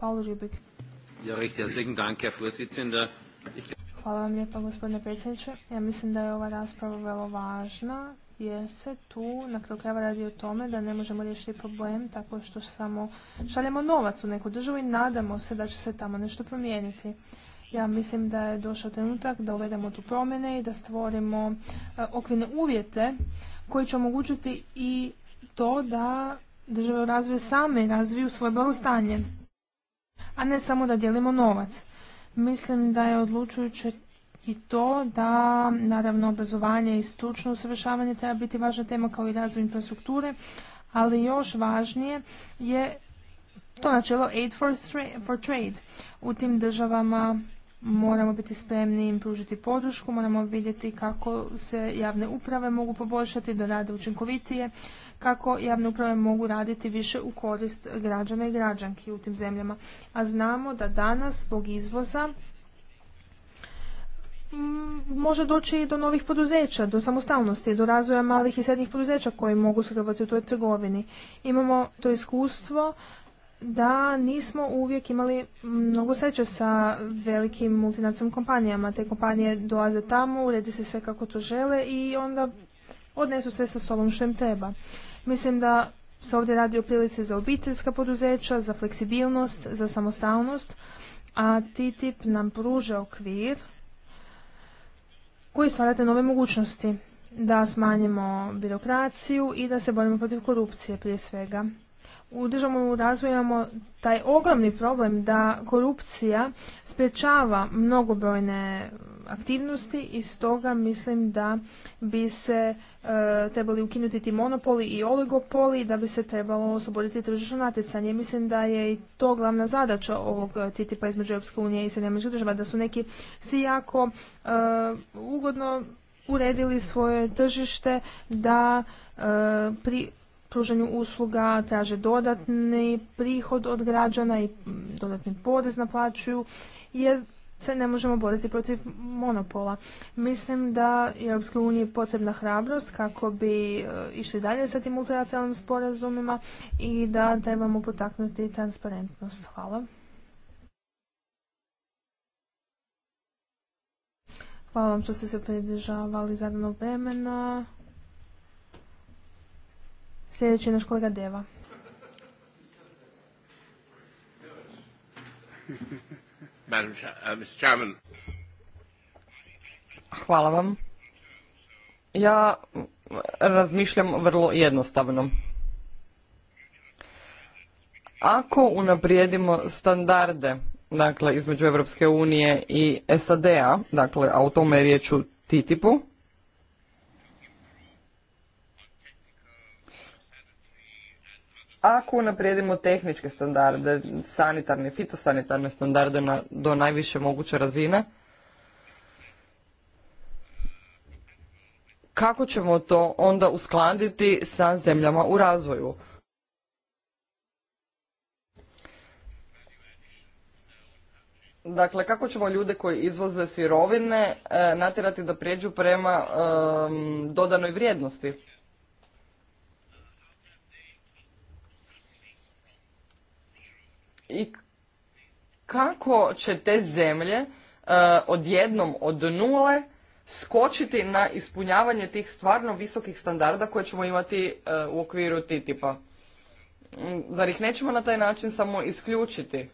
Paul Rubik. Ja, dank, Herr Hvala vam lijepa, gospodine predsjedniče. Ja mislim da je ova rasprava vrlo važna jer se tu na kraju krajeva radi o tome da ne možemo riješiti problem tako što samo šaljemo novac u neku državu i nadamo se da će se tamo nešto promijeniti. Ja mislim da je došao trenutak da uvedemo tu promjene i da stvorimo e, okvirne uvjete koji će omogućiti i to da države u razvoju same razviju svoje blagostanje, a ne samo da dijelimo novac. Mislim da je odlučujuće i to da naravno obrazovanje i stručno usavršavanje treba biti važna tema kao i razvoj infrastrukture, ali još važnije je to načelo aid for trade u tim državama moramo biti spremni im pružiti podršku, moramo vidjeti kako se javne uprave mogu poboljšati da rade učinkovitije, kako javne uprave mogu raditi više u korist građana i građanki u tim zemljama. A znamo da danas zbog izvoza može doći i do novih poduzeća, do samostalnosti, do razvoja malih i srednjih poduzeća koji mogu sudjelovati u toj trgovini. Imamo to iskustvo da nismo uvijek imali mnogo sreće sa velikim multinacionalnim kompanijama. Te kompanije dolaze tamo, uredi se sve kako to žele i onda odnesu sve sa sobom što im treba. Mislim da se ovdje radi o prilici za obiteljska poduzeća, za fleksibilnost, za samostalnost, a TTIP nam pruža okvir koji stvarate nove mogućnosti da smanjimo birokraciju i da se borimo protiv korupcije prije svega u državnom razvoju imamo taj ogromni problem da korupcija sprječava mnogobrojne aktivnosti i stoga mislim da bi se e, trebali ukinuti ti monopoli i oligopoli da bi se trebalo osloboditi tržišno natjecanje. Mislim da je i to glavna zadaća ovog TTIP-a između Europske unije i Sjedinjenih država, da su neki si jako e, ugodno uredili svoje tržište da e, pri, pružanju usluga, traže dodatni prihod od građana i dodatni porez naplaćuju, jer se ne možemo boriti protiv monopola. Mislim da je unije potrebna hrabrost kako bi e, išli dalje sa tim multilateralnim sporazumima i da trebamo potaknuti transparentnost. Hvala. Hvala vam što ste se pridržavali zadnog vremena. Sljedeći je naš kolega Deva. Uh, Hvala vam. Ja razmišljam vrlo jednostavno. Ako unaprijedimo standarde, dakle između Evropske unije i SAD-a, dakle a o tome je riječ u TTIP-u, ako unaprijedimo tehničke standarde, sanitarne, fitosanitarne standarde na, do najviše moguće razine, kako ćemo to onda uskladiti sa zemljama u razvoju? Dakle, kako ćemo ljude koji izvoze sirovine eh, natjerati da prijeđu prema ehm, dodanoj vrijednosti? i kako će te zemlje e, odjednom od nule skočiti na ispunjavanje tih stvarno visokih standarda koje ćemo imati e, u okviru TTIP-a. Mm, zar ih nećemo na taj način samo isključiti?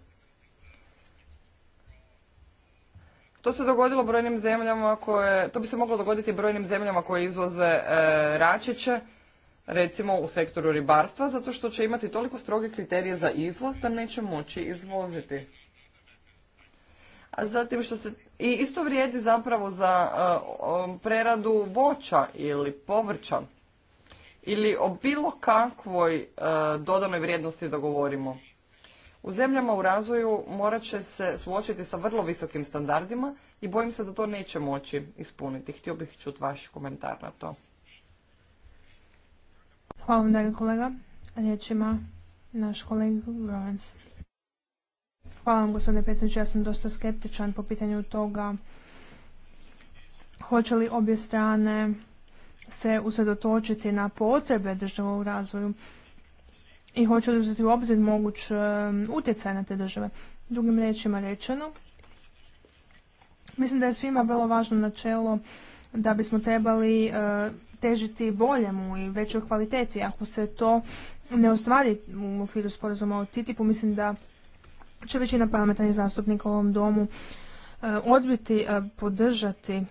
To se dogodilo brojnim zemljama koje, to bi se moglo dogoditi brojnim zemljama koje izvoze e, račiće recimo u sektoru ribarstva, zato što će imati toliko stroge kriterije za izvoz da neće moći izvoziti. A zatim što se, i isto vrijedi zapravo za e, preradu voća ili povrća ili o bilo kakvoj e, dodanoj vrijednosti da govorimo. U zemljama u razvoju morat će se suočiti sa vrlo visokim standardima i bojim se da to neće moći ispuniti. Htio bih čuti vaš komentar na to. Hvala vam, dragi kolega. Riječ ima naš kolega Govens. Hvala vam, gospodine predsjedniče. Ja sam dosta skeptičan po pitanju toga hoće li obje strane se usredotočiti na potrebe države u razvoju i hoće li uzeti u obzir moguć um, utjecaj na te države. Drugim riječima rečeno, mislim da je svima vrlo važno načelo da bismo trebali uh, težiti boljemu i većoj kvaliteti. Ako se to ne ostvari u okviru sporazuma o TTIP-u, mislim da će većina parlamentarnih zastupnika u ovom domu e, odbiti e, podržati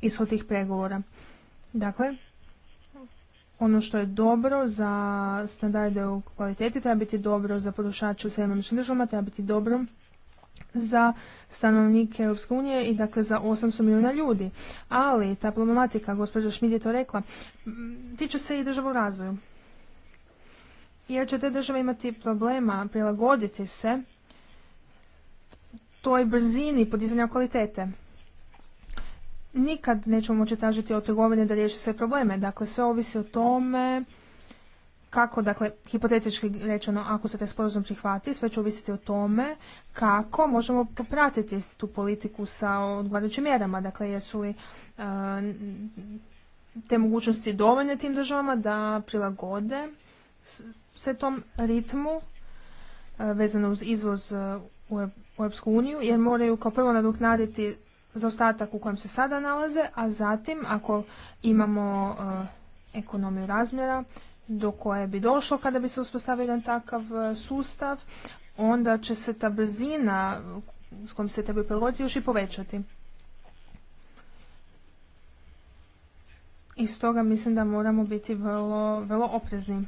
ishod tih pregovora. Dakle, ono što je dobro za standarde u kvaliteti treba biti dobro za potrošače u srednjom državama, treba biti dobro za stanovnike Europske unije i dakle za 800 milijuna ljudi. Ali ta problematika, gospođa Šmid je to rekla, tiče se i državu razvoju. Jer će te države imati problema prilagoditi se toj brzini podizanja kvalitete. Nikad nećemo moći tražiti od trgovine da riješi sve probleme. Dakle, sve ovisi o tome kako, dakle, hipotetički rečeno, ako se taj sporazum prihvati, sve će ovisiti o tome kako možemo popratiti tu politiku sa odgovarajućim mjerama. Dakle, jesu li e, te mogućnosti dovoljne tim državama da prilagode se tom ritmu e, vezano uz izvoz e, u Europsku uniju, jer moraju kao prvo nadoknaditi zaostatak u kojem se sada nalaze, a zatim ako imamo ekonomiju razmjera, do koje bi došlo kada bi se uspostavio jedan takav e, sustav, onda će se ta brzina s kojom se trebaju prilagoditi još i povećati. I stoga mislim da moramo biti vrlo, vrlo oprezni.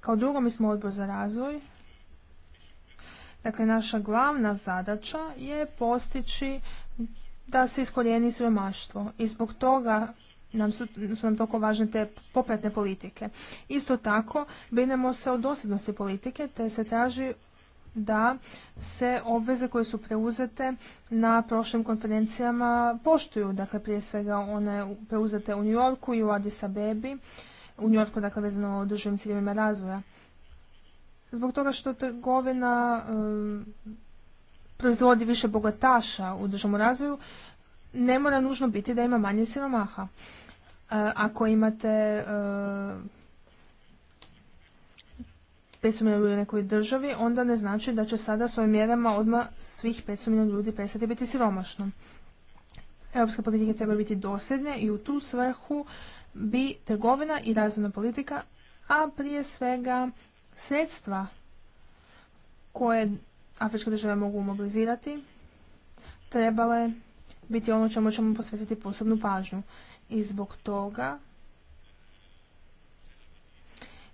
Kao drugo, mi smo odbor za razvoj. Dakle, naša glavna zadaća je postići da se iskorijeni siromaštvo. I zbog toga nam su, nam toliko važne te popretne politike. Isto tako, brinemo se o dosljednosti politike, te se traži da se obveze koje su preuzete na prošlim konferencijama poštuju. Dakle, prije svega one preuzete u New Yorku i u Addis Abebi. U New Yorku, dakle, vezano o ciljevima razvoja. Zbog toga što trgovina eh, proizvodi više bogataša u državnom razvoju, ne mora nužno biti da ima manje siromaha. Eh, ako imate 500 eh, milijuna ljudi u nekoj državi, onda ne znači da će sada s ovim mjerama odmah svih 500 milijuna ljudi prestati biti siromašno. Europske politike treba biti dosljedne i u tu svrhu bi trgovina i razvojna politika, a prije svega sredstva koje afričke države mogu mobilizirati, trebale biti ono čemu ćemo posvetiti posebnu pažnju i zbog toga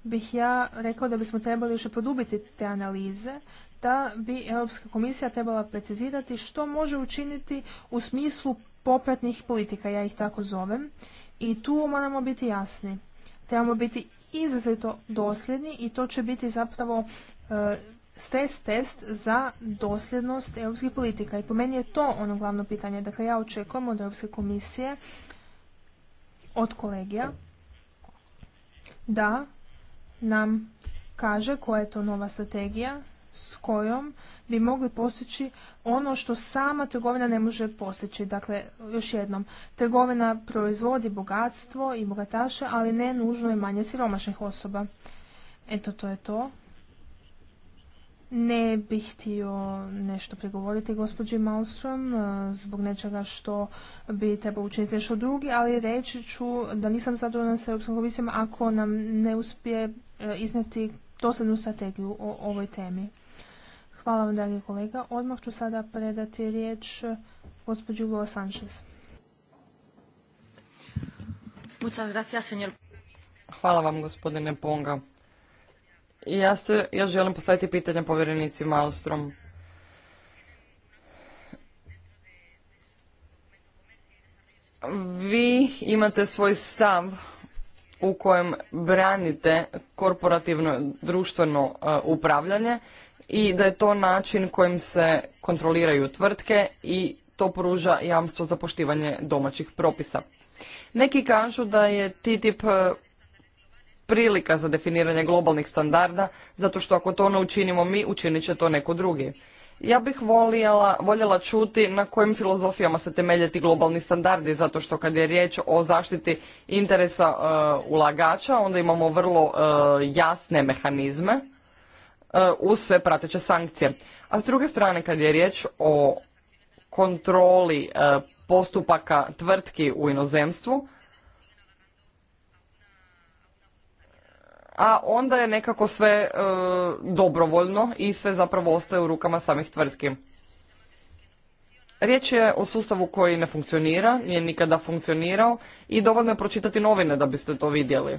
bih ja rekao da bismo trebali još podubiti te analize, da bi Europska komisija trebala precizirati što može učiniti u smislu popratnih politika, ja ih tako zovem, i tu moramo biti jasni. Trebamo biti izrazito dosljedni i to će biti zapravo e, stres test za dosljednost europskih politika. I po meni je to ono glavno pitanje. Dakle, ja očekujem od Europske komisije od kolegija da nam kaže koja je to nova strategija s kojom bi mogli postići ono što sama trgovina ne može postići. Dakle, još jednom, trgovina proizvodi bogatstvo i bogataše, ali ne nužno je manje siromašnih osoba. Eto, to je to. Ne bih htio nešto prigovoriti gospođi Malstrom e, zbog nečega što bi trebao učiniti nešto drugi, ali reći ću da nisam zadovoljan sa Europskom komisijom ako nam ne uspije e, izneti dosljednu strategiju o ovoj temi. Hvala vam, dragi kolega. Odmah ću sada predati riječ e, gospođi Lula Sanchez. Hvala vam, gospodine Ponga ja, se, ja želim postaviti pitanje povjerenici Malstrom. Vi imate svoj stav u kojem branite korporativno društveno e, upravljanje i da je to način kojim se kontroliraju tvrtke i to pruža jamstvo za poštivanje domaćih propisa. Neki kažu da je TTIP prilika za definiranje globalnih standarda, zato što ako to ne učinimo mi, učinit će to neko drugi. Ja bih voljela, voljela čuti na kojim filozofijama se temeljiti globalni standardi, zato što kad je riječ o zaštiti interesa e, ulagača, onda imamo vrlo e, jasne mehanizme e, uz sve prateće sankcije. A s druge strane, kad je riječ o kontroli e, postupaka tvrtki u inozemstvu, a onda je nekako sve e, dobrovoljno i sve zapravo ostaje u rukama samih tvrtki. Riječ je o sustavu koji ne funkcionira, nije nikada funkcionirao i dovoljno je pročitati novine da biste to vidjeli.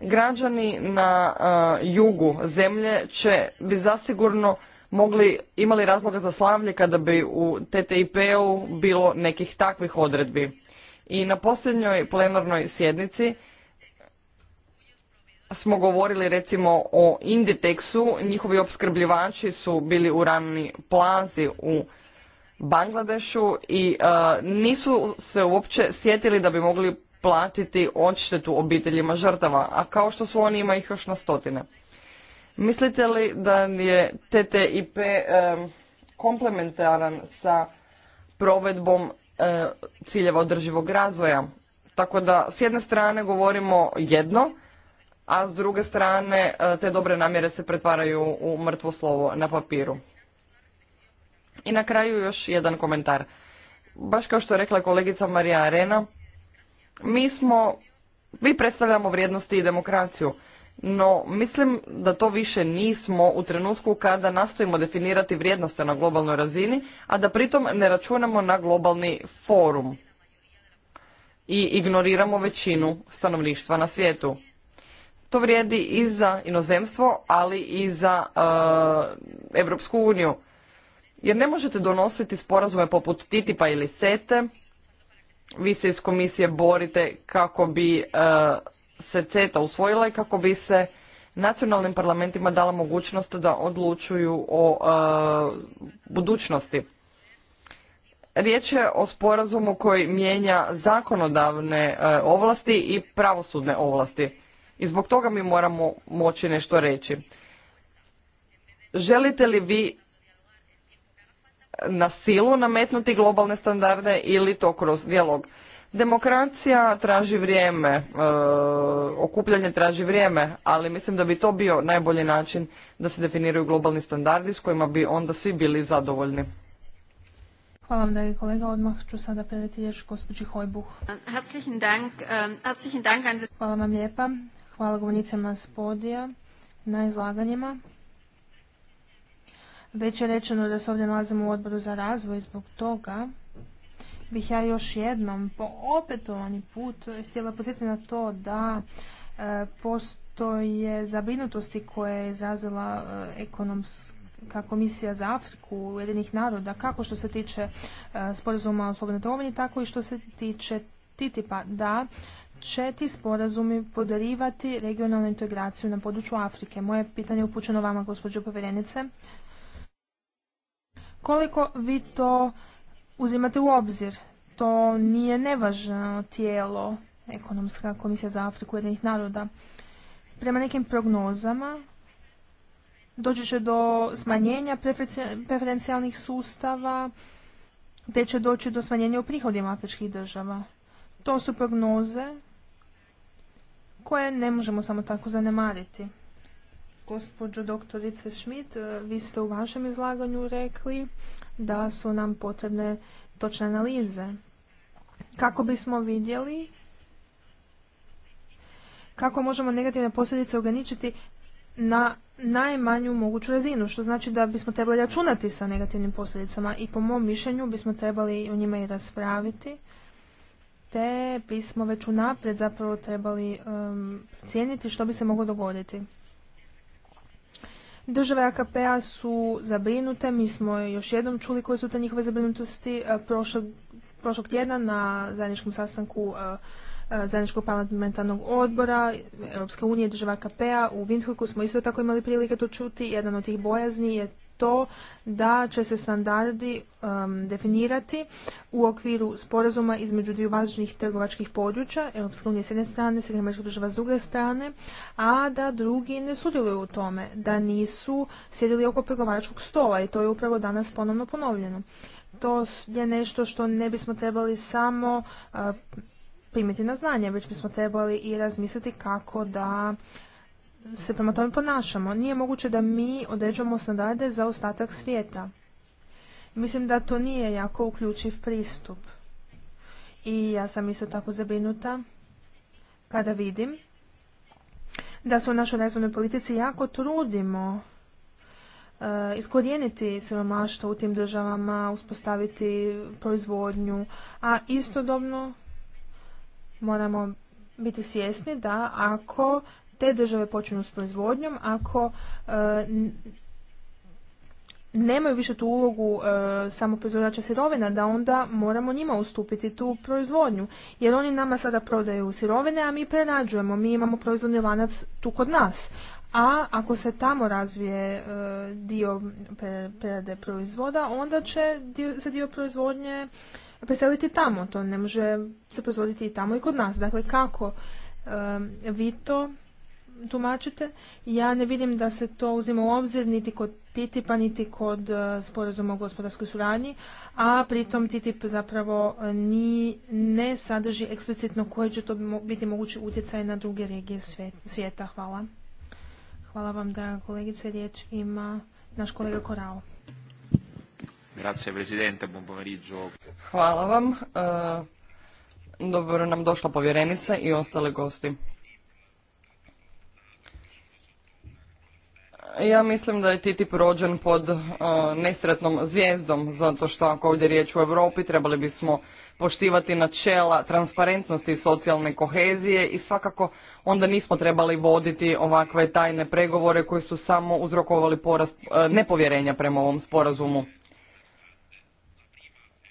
Građani na e, jugu zemlje će bi zasigurno mogli, imali razloga za slavlje kada bi u TTIP-u bilo nekih takvih odredbi. I na posljednjoj plenarnoj sjednici smo govorili recimo o Inditexu, njihovi opskrbljivači su bili u ravni plazi u Bangladešu i e, nisu se uopće sjetili da bi mogli platiti odštetu obiteljima žrtava, a kao što su oni ima ih još na stotine. Mislite li da je TTIP e, komplementaran sa provedbom e, ciljeva održivog razvoja? Tako da s jedne strane govorimo jedno, a s druge strane e, te dobre namjere se pretvaraju u mrtvo slovo na papiru. I na kraju još jedan komentar. Baš kao što je rekla kolegica Marija Arena, mi smo, mi predstavljamo vrijednosti i demokraciju, no mislim da to više nismo u trenutku kada nastojimo definirati vrijednosti na globalnoj razini, a da pritom ne računamo na globalni forum i ignoriramo većinu stanovništva na svijetu. To vrijedi i za inozemstvo, ali i za e, Evropsku Europsku uniju. Jer ne možete donositi sporazume poput ttip ili CETE. Vi se iz komisije borite kako bi e, se CETA usvojila i kako bi se nacionalnim parlamentima dala mogućnost da odlučuju o e, budućnosti. Riječ je o sporazumu koji mijenja zakonodavne ovlasti i pravosudne ovlasti. I zbog toga mi moramo moći nešto reći. Želite li vi na silu nametnuti globalne standarde ili to kroz dijalog? Demokracija traži vrijeme, e, okupljanje traži vrijeme, ali mislim da bi to bio najbolji način da se definiraju globalni standardi s kojima bi onda svi bili zadovoljni. Hvala vam, dragi kolega. Odmah ću sada predati gospođi Hojbuh. E, Hvala vam lijepa. Hvala govornicama spodija na izlaganjima. Već je rečeno da se ovdje nalazimo u odboru za razvoj zbog toga bih ja još jednom po opetovani put htjela podsjetiti na to da e, postoje zabrinutosti koje je izrazila e, ekonomska komisija za Afriku Ujedinih naroda, kako što se tiče e, sporazuma o slobodnoj trgovini, tako i što se tiče TTIP-a, da će sporazumi podarivati regionalnu integraciju na području Afrike? Moje pitanje je upućeno vama, gospođo povjerenice. Koliko vi to uzimate u obzir? To nije nevažno tijelo, ekonomska komisija za Afriku jednih naroda. Prema nekim prognozama doći će do smanjenja preferencijalnih sustava, te će doći do smanjenja u prihodima afričkih država. To su prognoze koje ne možemo samo tako zanemariti. Gospođo doktorice Schmidt, e, vi ste u vašem izlaganju rekli da su nam potrebne točne analize. Kako bismo vidjeli kako možemo negativne posljedice ograničiti na najmanju moguću razinu, što znači da bismo trebali računati sa negativnim posljedicama i po mom mišljenju bismo trebali o njima i raspraviti te bismo već unaprijed zapravo trebali cijeniti što bi se moglo dogoditi. Države AKP-a su zabrinute, mi smo još jednom čuli koje su te njihove zabrinutosti eh, prošlog, prošlog tjedna na zajedničkom sastanku uh, zajedničkog parlamentarnog odbora Europske unije i država akp a p-a u Windhoeku smo isto tako imali prilike to čuti. Jedan od tih bojazni je to da će se standardi um, definirati u okviru sporazuma između dviju važnih trgovačkih područja, Europske unije s jedne strane, Sjedinjenih država s druge strane, a da drugi ne sudjeluju u tome, da nisu sjedili oko pregovaračkog stola i to je upravo danas ponovno ponovljeno. To je nešto što ne bismo trebali samo uh, primiti na znanje, već bismo trebali i razmisliti kako da se prema tome ponašamo. Nije moguće da mi određujemo standarde za ostatak svijeta. Mislim da to nije jako uključiv pristup. I ja sam isto tako zabrinuta kada vidim da se u našoj razvojnoj politici jako trudimo e, iskorijeniti siromaštvo u tim državama, uspostaviti proizvodnju, a istodobno moramo biti svjesni da ako te države počinju s proizvodnjom, ako e, nemaju više tu ulogu e, samo proizvođača sirovina, da onda moramo njima ustupiti tu proizvodnju. Jer oni nama sada prodaju sirovine, a mi prerađujemo, mi imamo proizvodni lanac tu kod nas. A ako se tamo razvije e, dio prerade proizvoda, onda će dio, se dio proizvodnje preseliti tamo. To ne može se proizvoditi i tamo i kod nas. Dakle, kako Vito vi to tumačite. Ja ne vidim da se to uzima u obzir niti kod TTIP-a niti kod e, sporazuma o gospodarskoj suradnji, a pritom TTIP zapravo e, ni, ne sadrži eksplicitno koji će to biti mogući utjecaj na druge regije svijeta. Hvala. Hvala vam, draga kolegice. Riječ ima naš kolega Korao. Hvala vam. E, dobro nam došla povjerenica i ostale gosti. Ja mislim da je TTIP rođen pod uh, nesretnom zvijezdom, zato što ako ovdje riječ o Europi trebali bismo poštivati načela transparentnosti i socijalne kohezije i svakako onda nismo trebali voditi ovakve tajne pregovore koji su samo uzrokovali porast uh, nepovjerenja prema ovom sporazumu.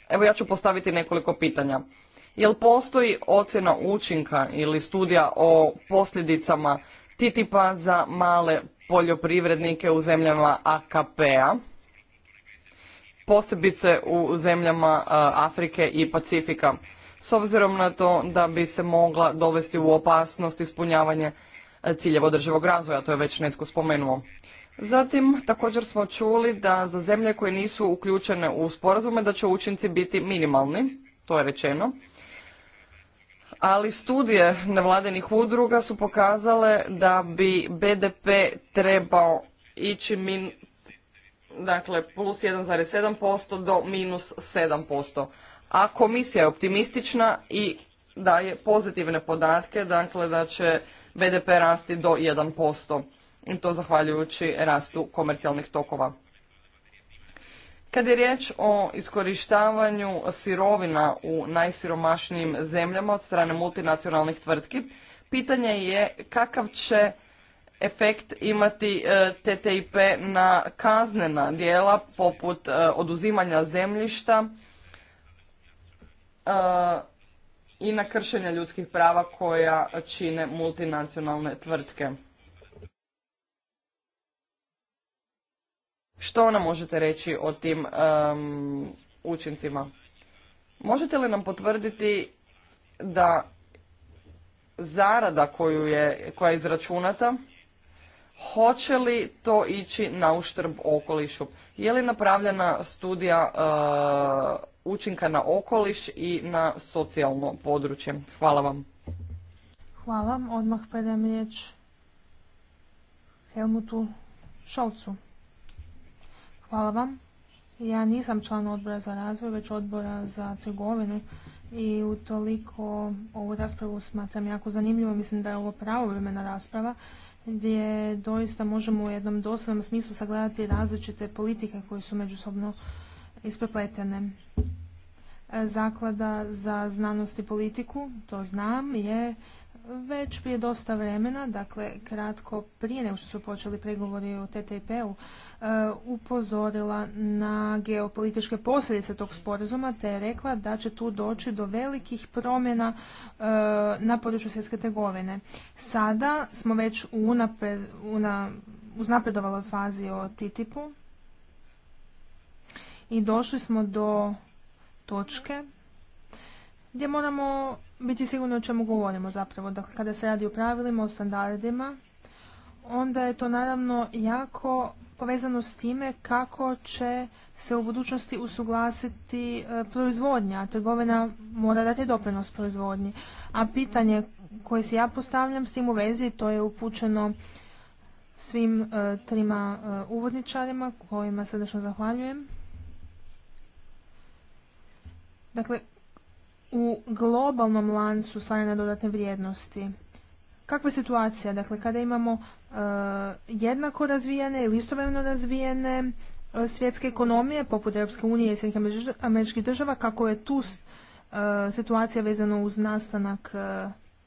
Evo ja ću postaviti nekoliko pitanja. Jel postoji ocjena učinka ili studija o posljedicama TTIP-a za male poljoprivrednike u zemljama AKP-a, posebice u zemljama e, Afrike i Pacifika, s obzirom na to da bi se mogla dovesti u opasnost ispunjavanje e, ciljeva održivog razvoja, to je već netko spomenuo. Zatim, također smo čuli da za zemlje koje nisu uključene u sporazume da će učinci biti minimalni, to je rečeno ali studije nevladinih udruga su pokazale da bi BDP trebao ići min, dakle plus 1,7% do minus 7%. A komisija je optimistična i daje pozitivne podatke, dakle da će BDP rasti do 1%. I to zahvaljujući rastu komercijalnih tokova. Kad je riječ o iskorištavanju sirovina u najsiromašnijim zemljama od strane multinacionalnih tvrtki, pitanje je kakav će efekt imati e, TTIP na kaznena dijela poput e, oduzimanja zemljišta e, i na kršenja ljudskih prava koja čine multinacionalne tvrtke. Što nam možete reći o tim učincima? Možete li nam potvrditi da zarada koju je, koja je izračunata, hoće li to ići na uštrb okolišu? Je li napravljena studija eh, učinka na okoliš i na socijalno područje? Hvala vam. Hvala. Odmah predajem riječ Helmutu Šalcu. Hvala vam. Ja nisam član odbora za razvoj, već odbora za trgovinu i utoliko ovu raspravu smatram jako zanimljivo. Mislim da je ovo pravo vremena rasprava gdje doista možemo u jednom doslovnom smislu sagledati različite politike koje su međusobno isprepletene. Zaklada za znanost i politiku, to znam, je već prije dosta vremena, dakle kratko prije nego što su počeli pregovori o TTIP-u, e, upozorila na geopolitičke posljedice tog sporazuma te je rekla da će tu doći do velikih promjena e, na području svjetske trgovine. Sada smo već u fazi o TTIP-u i došli smo do točke gdje moramo biti sigurni o čemu govorimo zapravo. Dakle, kada se radi o pravilima, o standardima, onda je to naravno jako povezano s time kako će se u budućnosti usuglasiti e, proizvodnja. Trgovina mora dati doprinos proizvodnji. A pitanje koje se ja postavljam s tim u vezi, to je upućeno svim e, trima e, uvodničarima kojima srdečno zahvaljujem. Dakle, u globalnom lancu stvaranja dodatne vrijednosti. Kakva je situacija? Dakle, kada imamo e, jednako razvijene ili istovremeno razvijene e, svjetske ekonomije, poput Europske unije i Srednjih američkih država, kako je tu e, situacija vezano uz nastanak,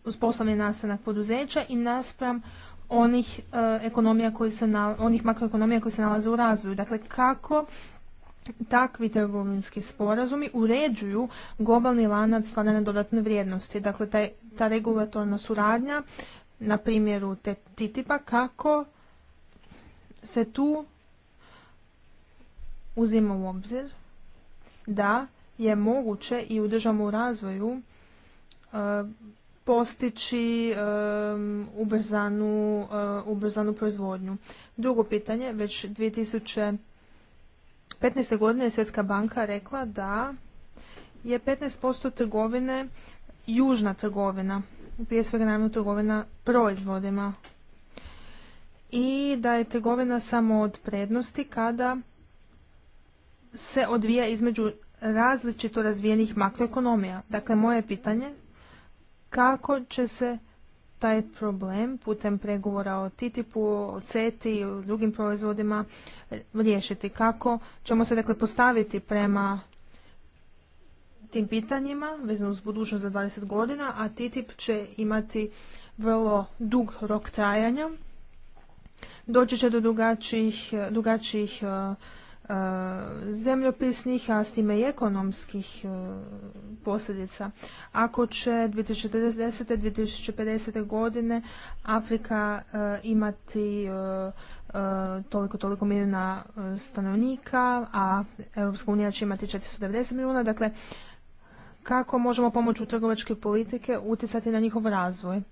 uz poslovni nastanak poduzeća i naspram onih ekonomija onih makroekonomija koji se nalaze u razvoju. Dakle, kako takvi trgovinski sporazumi uređuju globalni lanac stvarane dodatne vrijednosti. Dakle, taj, ta regulatorna suradnja na primjeru te TTIP-a kako se tu uzima u obzir da je moguće i u državnom razvoju e, postići e, ubrzanu, e, ubrzanu proizvodnju. Drugo pitanje, već 2000 15. godine je Svjetska banka rekla da je 15% trgovine južna trgovina, prije svega naravno trgovina proizvodima i da je trgovina samo od prednosti kada se odvija između različito razvijenih makroekonomija. Dakle, moje pitanje kako će se taj problem putem pregovora o TTIP-u, o CETI i drugim proizvodima riješiti, kako ćemo se dakle postaviti prema tim pitanjima vezano uz budućnost za 20 godina, a TTIP će imati vrlo dug rok trajanja. Doći će do drugačijih, drugačijih e, e, zemljopisnih, a s time i ekonomskih e, posljedica. Ako će 2040. 2050. godine Afrika imati E, toliko toliko milijuna e, stanovnika, a Europska unija će imati 490 milijuna. Dakle, kako možemo pomoći u trgovačke politike utjecati na njihov razvoj?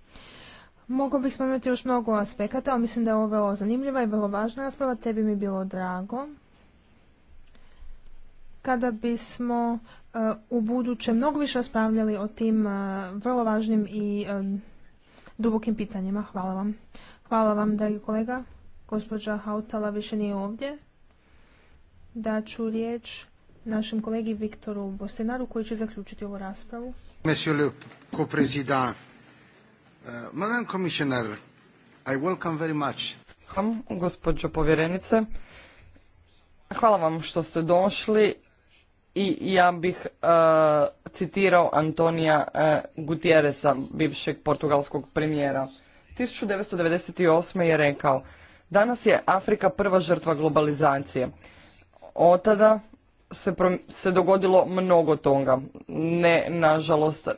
Mogu bih spomenuti još mnogo aspekata, ali mislim da je ovo vrlo zanimljiva i vrlo važna rasprava, te bi mi bilo drago kada bismo e, u buduće mnogo više raspravljali o tim vrlo važnim i dubokim pitanjima. Hvala vam. Hvala vam, dragi kolega gospođa Hautala više nije ovdje, da ću riječ našem kolegi Viktoru Bostenaru koji će zaključiti ovu raspravu. Monsieur le président uh, madame commissioner, I welcome very much. Gospođo povjerenice, hvala vam što ste došli i ja bih uh, citirao Antonija uh, Gutierreza, bivšeg portugalskog premijera. 1998. je rekao Danas je Afrika prva žrtva globalizacije. Od tada se, se dogodilo mnogo toga. Ne, nažalost,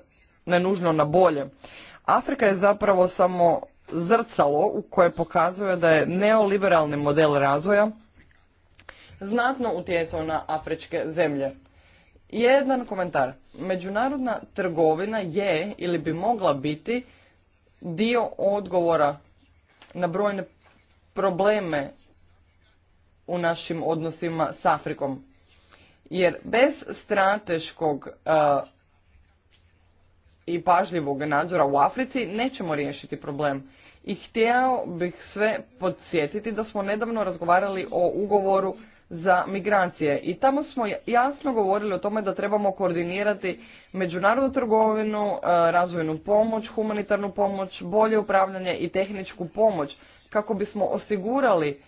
ne nužno na bolje. Afrika je zapravo samo zrcalo u koje pokazuje da je neoliberalni model razvoja znatno utjecao na afričke zemlje. Jedan komentar. Međunarodna trgovina je ili bi mogla biti dio odgovora na brojne probleme u našim odnosima s Afrikom. Jer bez strateškog e, i pažljivog nadzora u Africi nećemo riješiti problem. I htio bih sve podsjetiti da smo nedavno razgovarali o ugovoru za migracije i tamo smo jasno govorili o tome da trebamo koordinirati međunarodnu trgovinu, e, razvojnu pomoć, humanitarnu pomoć, bolje upravljanje i tehničku pomoć kako bismo osigurali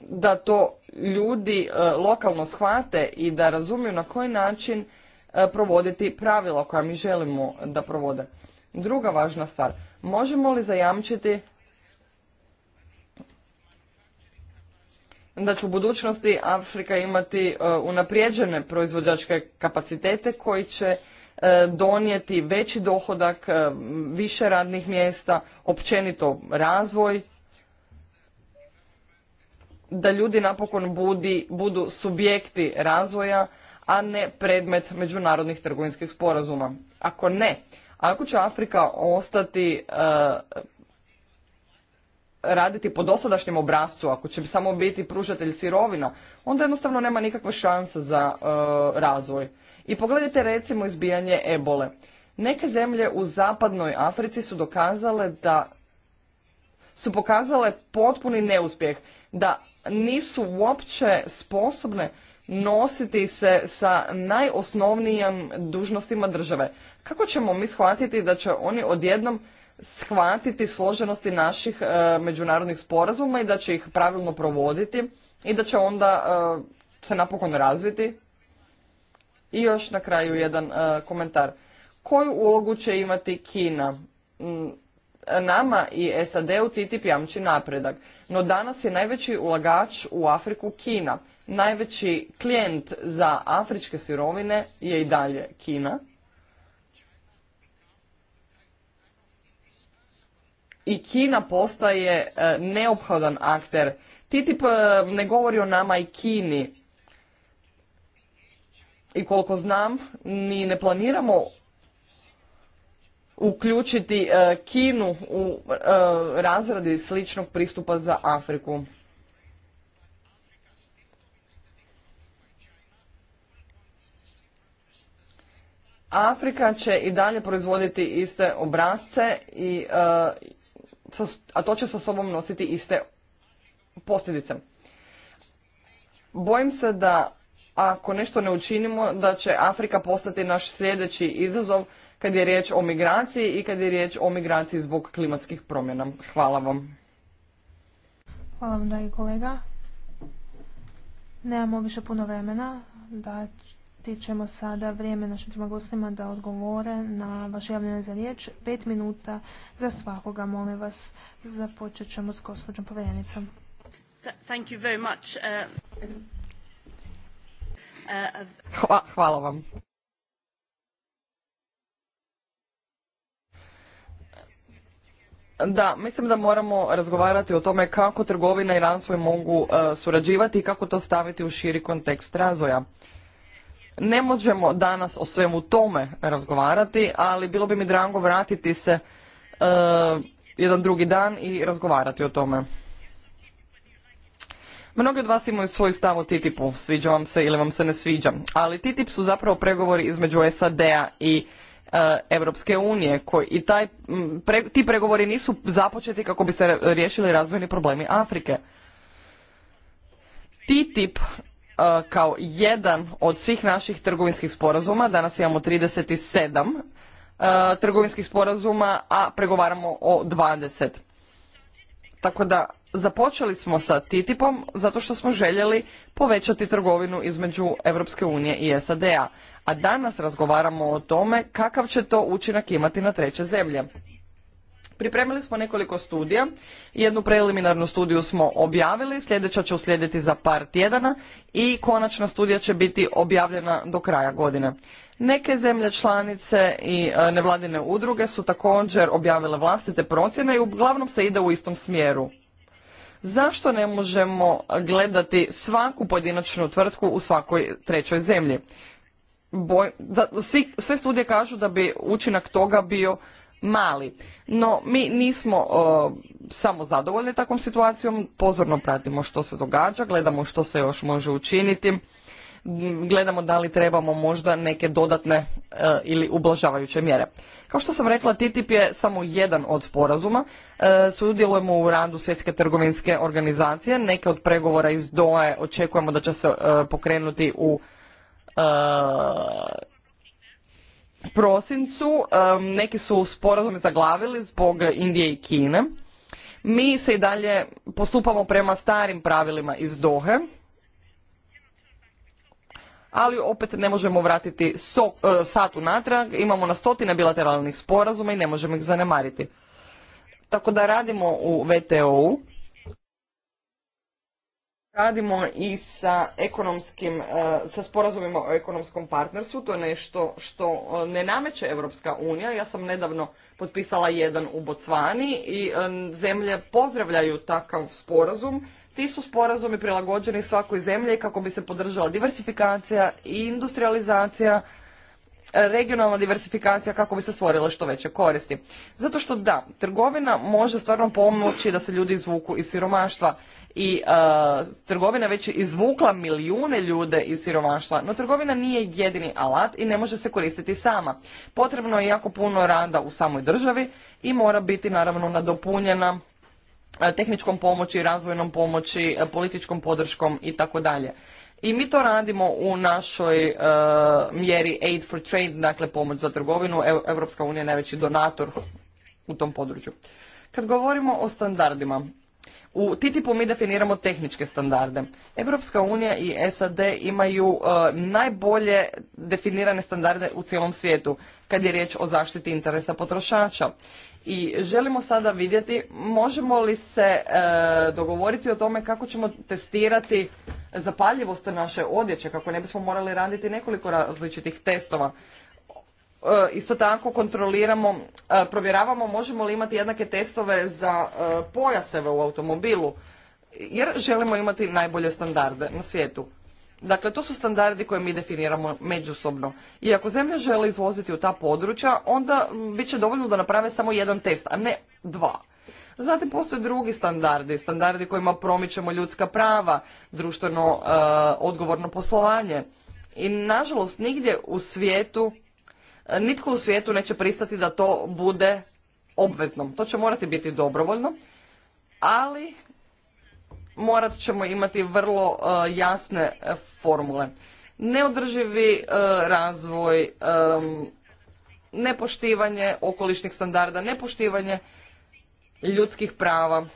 da to ljudi e, lokalno shvate i da razumiju na koji način e, provoditi pravila koja mi želimo da provode. Druga važna stvar, možemo li zajamčiti da će u budućnosti Afrika imati e, unaprijeđene proizvođačke kapacitete koji će E, donijeti veći dohodak, e, više radnih mjesta, općenito razvoj, da ljudi napokon budi, budu subjekti razvoja, a ne predmet međunarodnih trgovinskih sporazuma. Ako ne, ako će Afrika ostati e, raditi po dosadašnjem obrascu, ako će samo biti pružatelj sirovina, onda jednostavno nema nikakve šanse za e, razvoj. I pogledajte recimo izbijanje ebole. Neke zemlje u zapadnoj Africi su dokazale da su pokazale potpuni neuspjeh, da nisu uopće sposobne nositi se sa najosnovnijim dužnostima države. Kako ćemo mi shvatiti da će oni odjednom shvatiti složenosti naših e, međunarodnih sporazuma i da će ih pravilno provoditi i da će onda e, se napokon razviti. I još na kraju jedan e, komentar. Koju ulogu će imati Kina? Mm, nama i SAD-u TTIP jamči napredak, no danas je najveći ulagač u Afriku Kina. Najveći klijent za afričke sirovine je i dalje Kina i Kina postaje e, neophodan akter. TTIP e, ne govori o nama i Kini. I koliko znam, ni ne planiramo uključiti e, Kinu u razradi sličnog pristupa za Afriku. Afrika će i dalje proizvoditi iste obrazce i a to će sa sobom nositi iste posljedice. Bojim se da ako nešto ne učinimo, da će Afrika postati naš sljedeći izazov kad je riječ o migraciji i kad je riječ o migraciji zbog klimatskih promjena. Hvala vam. Hvala vam, dragi kolega. Nemamo više puno vremena. Da ćemo sada vrijeme našim trima gostima da odgovore na vaše javljanje za riječ. Pet minuta za svakoga, molim vas. Započet ćemo s gospođom povjerenicom. Thank you very much. Uh, uh, hvala vam. Da, mislim da moramo razgovarati o tome kako trgovina i razvoj mogu uh, surađivati i kako to staviti u širi kontekst razvoja. Ne možemo danas o svemu tome razgovarati, ali bilo bi mi drago vratiti se e, jedan drugi dan i razgovarati o tome. Mnogi od vas imaju svoj stav o TTIP-u, sviđa vam se ili vam se ne sviđa, ali TTIP su zapravo pregovori između SAD-a i uh, unije koji, i taj, ti pregovori nisu započeti kako bi se riješili razvojni problemi Afrike. TTIP Eh, kao jedan od svih naših trgovinskih sporazuma, danas imamo 37 eh, trgovinskih sporazuma, a pregovaramo o 20. Tako da započeli smo sa TTIP-om zato što smo željeli povećati trgovinu između Europske unije i SAD-a. A danas razgovaramo o tome kakav će to učinak imati na treće zemlje. Pripremili smo nekoliko studija, jednu preliminarnu studiju smo objavili, sljedeća će uslijediti za par tjedana i konačna studija će biti objavljena do kraja godine. Neke zemlje članice i e, nevladine udruge su također objavile vlastite procjene i uglavnom se ide u istom smjeru. Zašto ne možemo gledati svaku pojedinačnu tvrtku u svakoj trećoj zemlji? sve studije kažu da bi učinak toga bio mali. No, mi nismo samo zadovoljni takvom situacijom, pozorno pratimo što se događa, gledamo što se još može učiniti, gledamo da li trebamo možda neke dodatne e, ili ublažavajuće mjere. Kao što sam rekla, TTIP je samo jedan od sporazuma. E, sudjelujemo u radu svjetske trgovinske organizacije. Neke od pregovora iz Doe očekujemo da će se e, pokrenuti u prosincu neki su sporazumi zaglavili zbog Indije i Kine. Mi se i dalje postupamo prema starim pravilima iz Dohe, ali opet ne možemo vratiti so, e, sat unatrag, imamo na stotine bilateralnih sporazuma i ne možemo ih zanemariti. Tako da radimo u VTO-u radimo i sa ekonomskim, e, sa sporazumima o ekonomskom partnerstvu, to je nešto što e, ne nameće Evropska unija. Ja sam nedavno potpisala jedan u Bocvani i e, zemlje pozdravljaju takav sporazum. Ti su sporazumi prilagođeni svakoj zemlji kako bi se podržala diversifikacija i industrializacija, regionalna diversifikacija kako bi se stvorile što veće koristi. Zato što da, trgovina može stvarno pomoći da se ljudi izvuku iz siromaštva i e, trgovina već izvukla milijune ljude iz siromaštva, no trgovina nije jedini alat i ne može se koristiti sama. Potrebno je jako puno rada u samoj državi i mora biti naravno nadopunjena e, tehničkom pomoći, razvojnom pomoći, e, političkom podrškom i tako dalje. I mi to radimo u našoj mjeri Aid for Trade, dakle pomoć za trgovinu. Evropska unija je najveći donator u tom području. Kad govorimo o standardima, u TTIP-u mi definiramo tehničke standarde. Europska unija i SAD imaju e, najbolje definirane standarde u cijelom svijetu kad je riječ o zaštiti interesa potrošača. I želimo sada vidjeti možemo li se e, dogovoriti o tome kako ćemo testirati zapaljivost naše odjeće, kako ne bismo morali raditi nekoliko različitih testova. E, isto tako kontroliramo, e, provjeravamo možemo li imati jednake testove za e, pojaseve u automobilu, jer želimo imati najbolje standarde na svijetu. Dakle, to su standardi koje mi definiramo međusobno. I ako zemlja žele izvoziti u ta područja, onda bit će dovoljno da naprave samo jedan test, a ne dva. Zatim postoje drugi standardi, standardi kojima promičemo ljudska prava, društveno odgovorno poslovanje. I nažalost nigdje u svijetu nitko u svijetu neće pristati da to bude obvezno. To će morati biti dobrovoljno, ali morat ćemo imati vrlo e, jasne formule. Neodrživi e, razvoj, e, nepoštivanje okolišnih standarda, nepoštivanje ljudskih prava.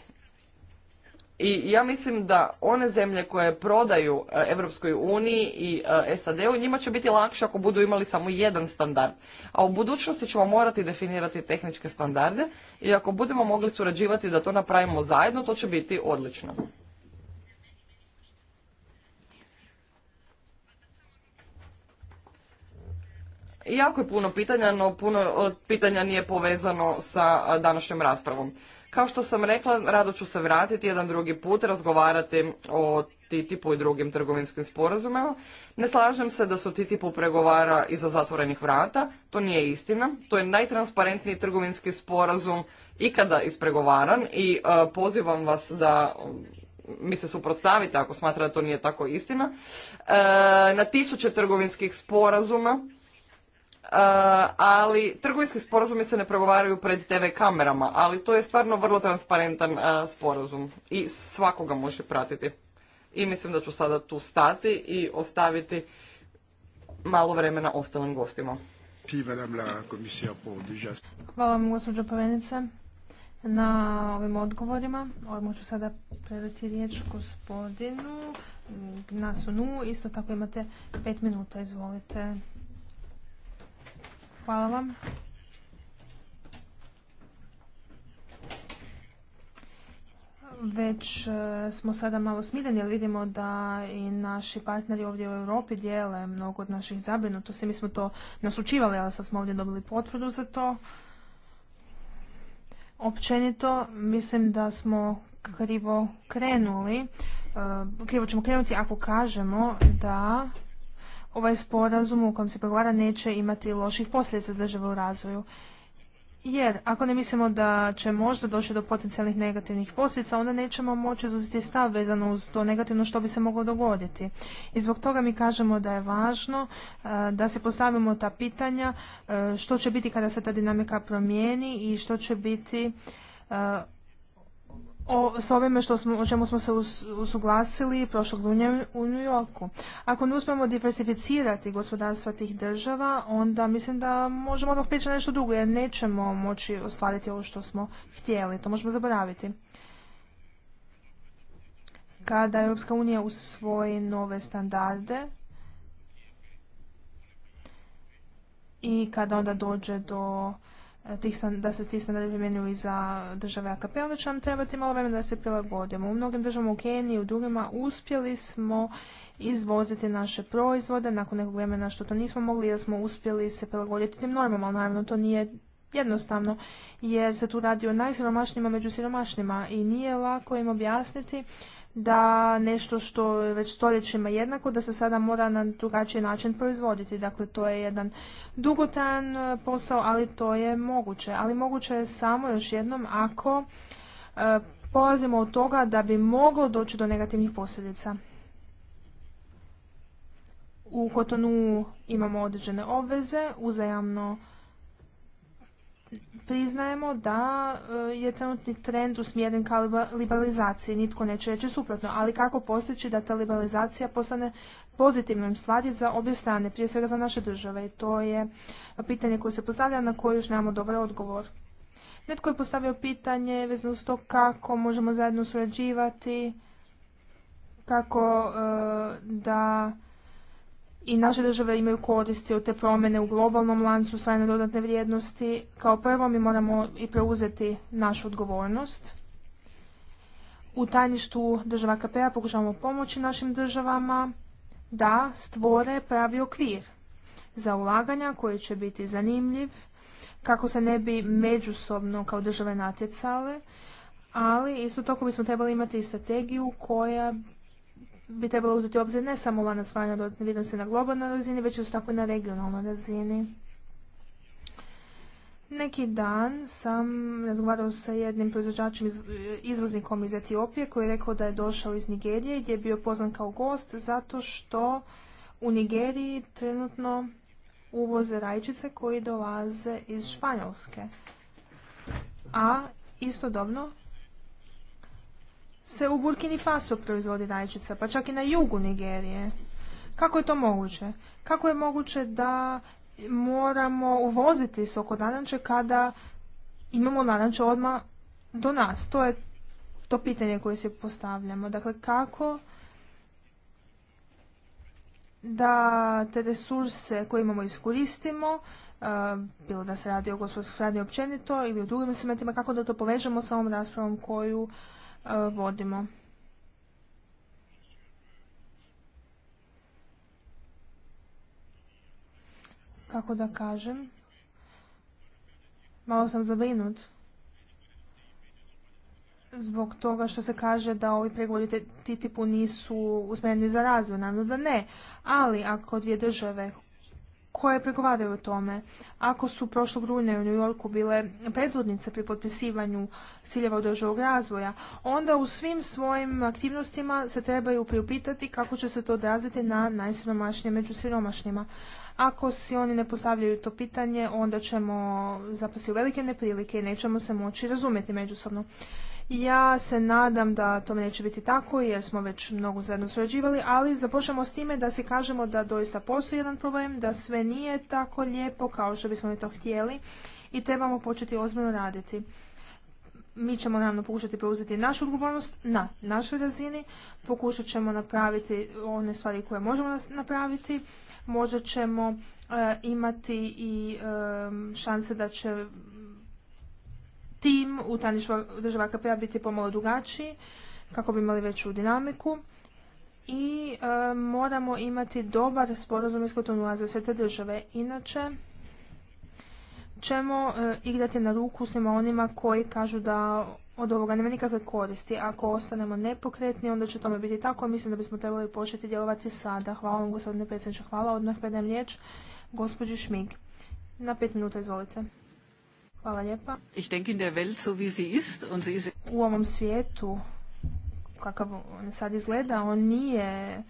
I ja mislim da one zemlje koje prodaju Europskoj uniji i e, SAD-u, njima će biti lakše ako budu imali samo jedan standard. A u budućnosti ćemo morati definirati tehničke standarde i ako budemo mogli surađivati da to napravimo zajedno, to će biti odlično. Jako je puno pitanja, no puno e, pitanja nije povezano sa e, današnjom raspravom. Kao što sam rekla, rado ću se vratiti jedan drugi put, razgovarati o TTIP-u i drugim trgovinskim sporazumima. Ne slažem se da su TTIP-u pregovara iza zatvorenih vrata, to nije istina. To je najtransparentniji trgovinski sporazum ikada ispregovaran i e, pozivam vas da mm, mi se suprotstavite ako smatrate da to nije tako istina. E, na tisuće trgovinskih sporazuma Eh, ali trgovinski sporazumi se ne pregovaraju pred TV kamerama, ali to je stvarno vrlo transparentan eh, sporazum i svakoga može pratiti. I mislim da ću sada tu stati i ostaviti malo vremena ostalim gostima. Hvala vam gospođo Povenice na ovim odgovorima. Ovo ću sada predati riječ gospodinu Gnasunu. Isto tako imate pet minuta, izvolite. Hvala vam. Već e, smo sada malo smideni, jer vidimo da i naši partneri ovdje u Europi dijele mnogo od naših zabrinutosti. Mi smo to nasučivali, ali sad smo ovdje dobili potvrdu za to. Općenito mislim da smo krivo krenuli, e, krivo ćemo krenuti ako kažemo da ovaj sporazum u kojem se pregovara neće imati loših posljedica za države u razvoju. Jer ako ne mislimo da će možda doći do potencijalnih negativnih posljedica, onda nećemo moći izuzeti stav vezano uz to negativno što bi se moglo dogoditi. I zbog toga mi kažemo da je važno e, da se postavimo ta pitanja e, što će biti kada se ta dinamika promijeni i što će biti e, o, s ovime što smo, o čemu smo se usuglasili prošlog lunja u New Yorku. Ako ne uspemo diversificirati gospodarstva tih država, onda mislim da možemo odmah pričati nešto drugo, jer nećemo moći ostvariti ovo što smo htjeli. To možemo zaboraviti. Kada Europska unija usvoji nove standarde i kada onda dođe do tih, da se ti standardi primjenjuju i za države AKP, onda će nam trebati malo vremena da se prilagodimo. U mnogim državama u Keniji u drugima uspjeli smo izvoziti naše proizvode nakon nekog vremena što to nismo mogli jer smo uspjeli se prilagoditi tim normama, ali naravno to nije jednostavno jer se tu radi o najsiromašnijima među siromašnima i nije lako im objasniti da nešto što je već stoljećima jednako, da se sada mora na drugačiji način proizvoditi. Dakle, to je jedan dugotan e, posao, ali to je moguće. Ali moguće je samo još jednom ako e, polazimo od toga da bi moglo doći do negativnih posljedica. U Kotonu imamo određene obveze, uzajamno priznajemo da e, je trenutni trend usmjeren ka liberalizaciji, nitko neće reći suprotno, ali kako postići da ta liberalizacija postane pozitivnom stvari za obje strane, prije svega za naše države i to je pitanje koje se postavlja na koje još nemamo dobar odgovor. Netko je postavio pitanje vezano uz to kako možemo zajedno surađivati, kako e, da i naše države imaju koristi od te promjene u globalnom lancu stvarne dodatne vrijednosti. Kao prvo mi moramo i preuzeti našu odgovornost. U tajništvu država KPA pokušavamo pomoći našim državama da stvore pravi okvir za ulaganja koji će biti zanimljiv kako se ne bi međusobno kao države natjecale, ali isto tako bismo trebali imati i strategiju koja bi trebalo uzeti u obzir ne samo lana stvaranja dodatne vrijednosti na globalnoj razini, već isto tako i na regionalnoj razini. Neki dan sam razgovarao sa jednim proizvođačem, izvoznikom iz Etiopije koji je rekao da je došao iz Nigerije gdje je bio poznan kao gost zato što u Nigeriji trenutno uvoze rajčice koji dolaze iz Španjolske. A istodobno se u Burkini Faso proizvodi rajčica, pa čak i na jugu Nigerije. Kako je to moguće? Kako je moguće da moramo uvoziti sok od naranče kada imamo naranče odmah do nas? To je to pitanje koje se postavljamo. Dakle, kako da te resurse koje imamo iskoristimo, e, bilo da se radi o gospodarskoj radi općenito ili u drugim instrumentima, kako da to povežemo sa ovom raspravom koju E, vodimo. Kako da kažem, malo sam zabrinut zbog toga što se kaže da ovi pregovori TTIP-u nisu usmjereni za razvoj. Naravno da ne, ali ako dvije države koje pregovaraju o tome. Ako su prošlog rujna u New Yorku bile predvodnice pri potpisivanju ciljeva održivog razvoja, onda u svim svojim aktivnostima se trebaju priupitati kako će se to odraziti na najsiromašnije među siromašnjima. Ako si oni ne postavljaju to pitanje, onda ćemo zapasiti u velike neprilike i nećemo se moći razumjeti međusobno. Ja se nadam da to neće biti tako jer smo već mnogo zajedno surađivali, ali započnemo s time da si kažemo da doista postoji jedan problem, da sve nije tako lijepo kao što bismo mi to htjeli i trebamo početi ozbiljno raditi. Mi ćemo naravno pokušati preuzeti našu odgovornost na našoj razini, pokušat ćemo napraviti one stvari koje možemo napraviti, možda ćemo e, imati i e, šanse da će tim u tajništvu država KPA biti pomalo drugačiji kako bi imali veću dinamiku i e, moramo imati dobar sporazum iz Kotonua za sve te države. Inače ćemo e, igrati na ruku svima onima koji kažu da od ovoga nema nikakve koristi. Ako ostanemo nepokretni, onda će tome biti tako. Mislim da bismo trebali početi djelovati sada. Hvala vam, gospodine predsjedniče. Hvala. Odmah predajem riječ gospođi Šmig. Na pet minuta, izvolite. Hvala lijepa. Ich denke in der U ovom svijetu kakav on sad izgleda, on nije e,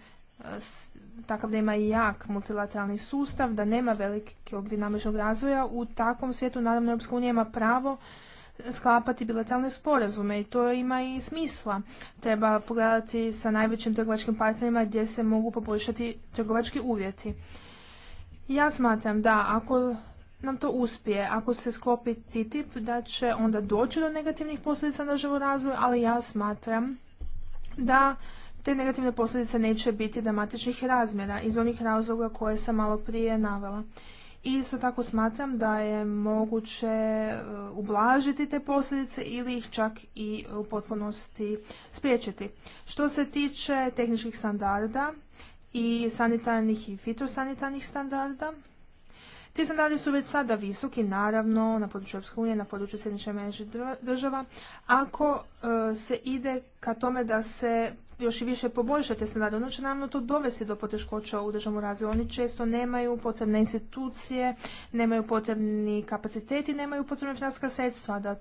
takav da ima i jak multilateralni sustav, da nema velikog dinamičnog razvoja. U takvom svijetu, naravno, Europska unija ima pravo sklapati bilateralne sporazume i to ima i smisla. Treba pogledati sa najvećim trgovačkim partnerima gdje se mogu poboljšati trgovački uvjeti. Ja smatram da ako nam to uspije, ako se sklopi TTIP, da će onda doći do negativnih posljedica na živu razvoju, ali ja smatram da te negativne posljedice neće biti dramatičnih razmjera iz onih razloga koje sam malo prije navela. I isto tako smatram da je moguće e, ublažiti te posljedice ili ih čak i u potpunosti spriječiti. Što se tiče tehničkih standarda i sanitarnih i fitosanitarnih standarda, ti standardi su već sada visoki, naravno, na području Europske unije, na području Sjedinčne država, ako e, se ide ka tome da se još i više poboljšati standarde, ono će naravno to dovesti do poteškoća u državnom razvoju. Oni često nemaju potrebne institucije, nemaju potrebni kapaciteti, nemaju potrebne financijska sredstva da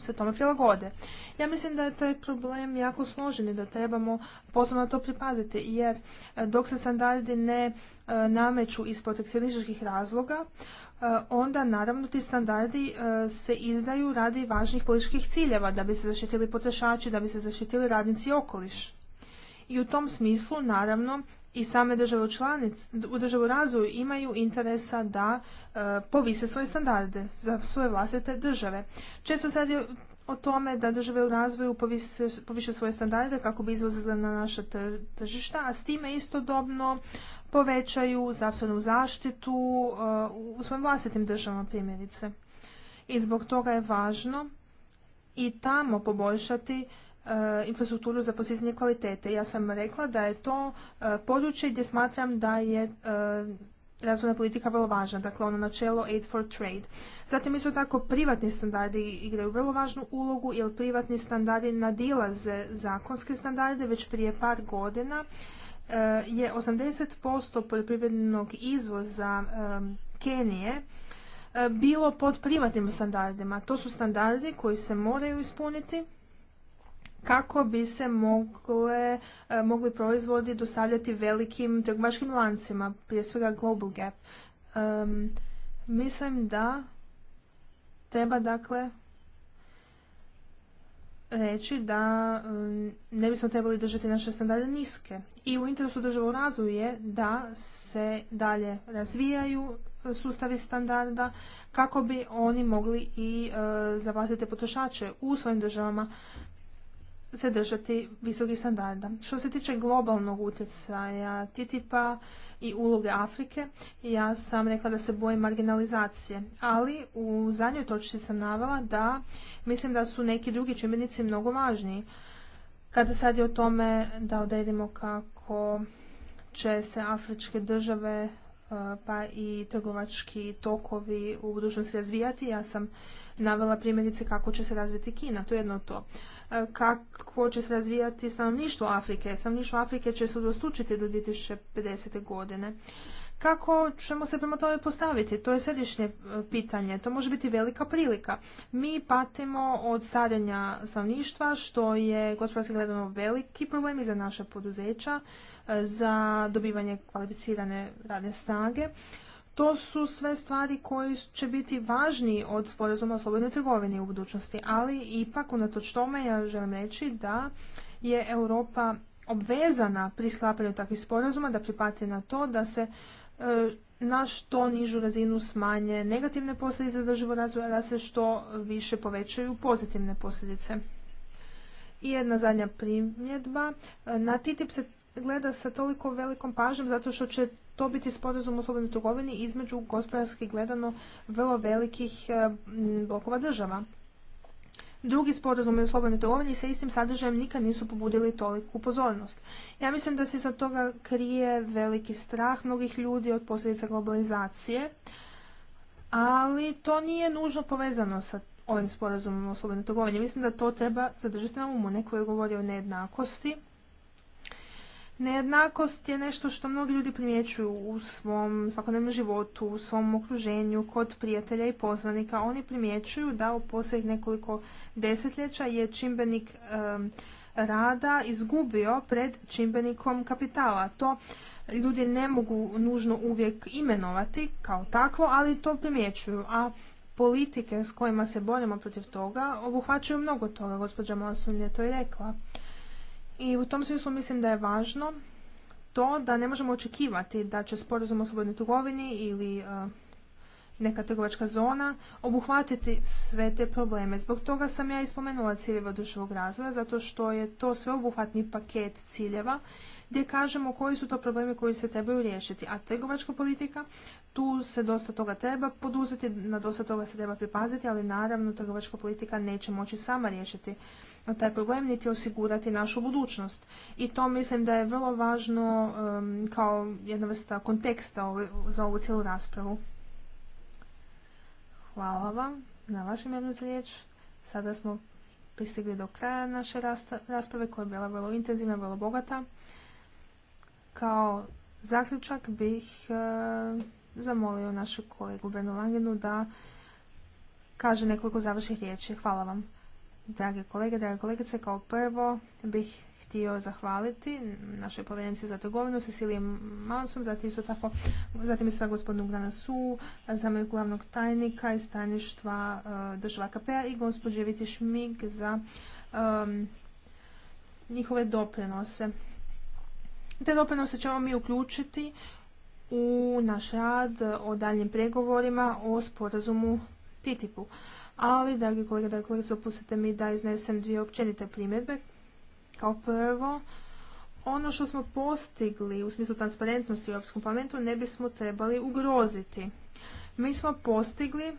se tome prilagode. Ja mislim da je taj problem jako složen i da trebamo posebno to pripaziti, jer e, dok se standardi ne e, nameću iz protekcionističkih razloga, e, onda naravno ti standardi se izdaju radi važnih političkih ciljeva, da bi se zaštitili potrošači, da bi se zaštitili radnici i okoliš i u tom smislu naravno i same države članic, u državu razvoju imaju interesa da e, povise svoje standarde za svoje vlastite države. Često se radi o tome da države u razvoju povise, poviše svoje standarde kako bi izvozile na naša tržišta, a s time istodobno povećaju zdravstvenu zaštitu e, u svojim vlastitim državama primjerice. I zbog toga je važno i tamo poboljšati E, infrastrukturu za postizanje kvalitete. Ja sam rekla da je to e, područje gdje smatram da je e, razvojna politika vrlo važna, dakle ono načelo aid for trade. Zatim isto tako privatni standardi igraju vrlo važnu ulogu jer privatni standardi nadilaze zakonske standarde već prije par godina je 80% poljoprivrednog izvoza Kenije bilo pod privatnim standardima. To su standardi koji se moraju ispuniti kako bi se mogle, e, mogli proizvodi dostavljati velikim trgovačkim lancima, prije svega Global Gap. mislim da treba dakle reći da ne bismo trebali držati naše standarde niske. I u interesu država u razvoju je da se dalje razvijaju sustavi standarda kako bi oni mogli i e, za potrošače u svojim državama se držati visokih standarda. Što se tiče globalnog utjecaja TTIP-a i uloge Afrike, ja sam rekla da se bojim marginalizacije, ali u zadnjoj točci sam navela da mislim da su neki drugi čimbenici mnogo važniji. Kada sad je o tome da odredimo kako će se afričke države e, pa i trgovački tokovi u budućnosti razvijati. Ja sam navela primjerice kako će se razviti Kina, to je jedno to. E, kako će se razvijati stanovništvo Afrike. Stanovništvo Afrike će se udostučiti do 2050. godine. Kako ćemo se prema tome postaviti? To je središnje e, pitanje. To može biti velika prilika. Mi patimo od starenja stanovništva, što je gospodarski gledano veliki problem i za naša poduzeća, e, za dobivanje kvalificirane radne snage to su sve stvari koje će biti važniji od sporazuma o slobodnoj trgovini u budućnosti. Ali ipak, unatoč tome, ja želim reći da je Europa obvezana pri sklapanju takvih sporazuma da pripati na to da se e, na što nižu razinu smanje negativne posljedice drživo razvoja, da se što više povećaju pozitivne posljedice. I jedna zadnja primjedba. E, na TTIP se gleda sa toliko velikom pažnjom zato što će to biti sporazum o slobodnoj trgovini između gospodarski gledano vrlo velikih e, blokova država. Drugi sporazum o slobodnoj trgovini sa istim sadržajem nikad nisu pobudili toliku pozornost. Ja mislim da se za toga krije veliki strah mnogih ljudi od posljedica globalizacije, ali to nije nužno povezano sa ovim sporazumom o slobodnoj trgovini. Mislim da to treba zadržati na umu. Neko je govorio o nejednakosti, Nejednakost je nešto što mnogi ljudi primjećuju u svom svakodnevnom životu, u svom okruženju, kod prijatelja i poznanika. Oni primjećuju da u posljednjih nekoliko desetljeća je čimbenik rada izgubio pred čimbenikom kapitala. To ljudi ne mogu nužno uvijek imenovati kao takvo, ali to primjećuju. A politike s kojima se borimo protiv toga obuhvaćaju mnogo toga, gospođa Malasun je to i rekla. I u tom smislu mislim da je važno to da ne možemo očekivati da će sporazum o slobodnoj trgovini ili e, neka trgovačka zona obuhvatiti sve te probleme. Zbog toga sam ja ispomenula ciljeva održivog razvoja, zato što je to sveobuhvatni paket ciljeva gdje kažemo koji su to problemi koji se trebaju riješiti. A trgovačka politika, tu se dosta toga treba poduzeti, na dosta toga se treba pripaziti, ali naravno trgovačka politika neće moći sama riješiti taj problem niti osigurati našu budućnost. I to mislim da je vrlo važno um, kao jedna vrsta konteksta za ovu cijelu raspravu. Hvala vam na vašem jednu riječ. Sada smo pristigli do kraja naše rasprave koja je bila vrlo intenzivna, vrlo bogata. Kao zaključak bih uh, zamolio našu kolegu Bernu Langenu da kaže nekoliko završnih riječi. Hvala vam. Drage kolege, drage kolegice, kao prvo bih htio zahvaliti našoj povjerenici za trgovinu, Cecilije Malsom, zatim isto tako, zatim isto tako gospodinu za glavnog tajnika i tajništva uh, država KPA i gospođe Viti Šmig za njihove doprinose. Te doprinose ćemo mi uključiti u naš rad o daljnjim pregovorima o sporazumu TTIP-u. Ali, dragi kolega, dragi kolege, dopustite mi da iznesem dvije općenite primjedbe. Kao prvo, ono što smo postigli u smislu transparentnosti u Europskom parlamentu ne bismo trebali ugroziti. Mi smo postigli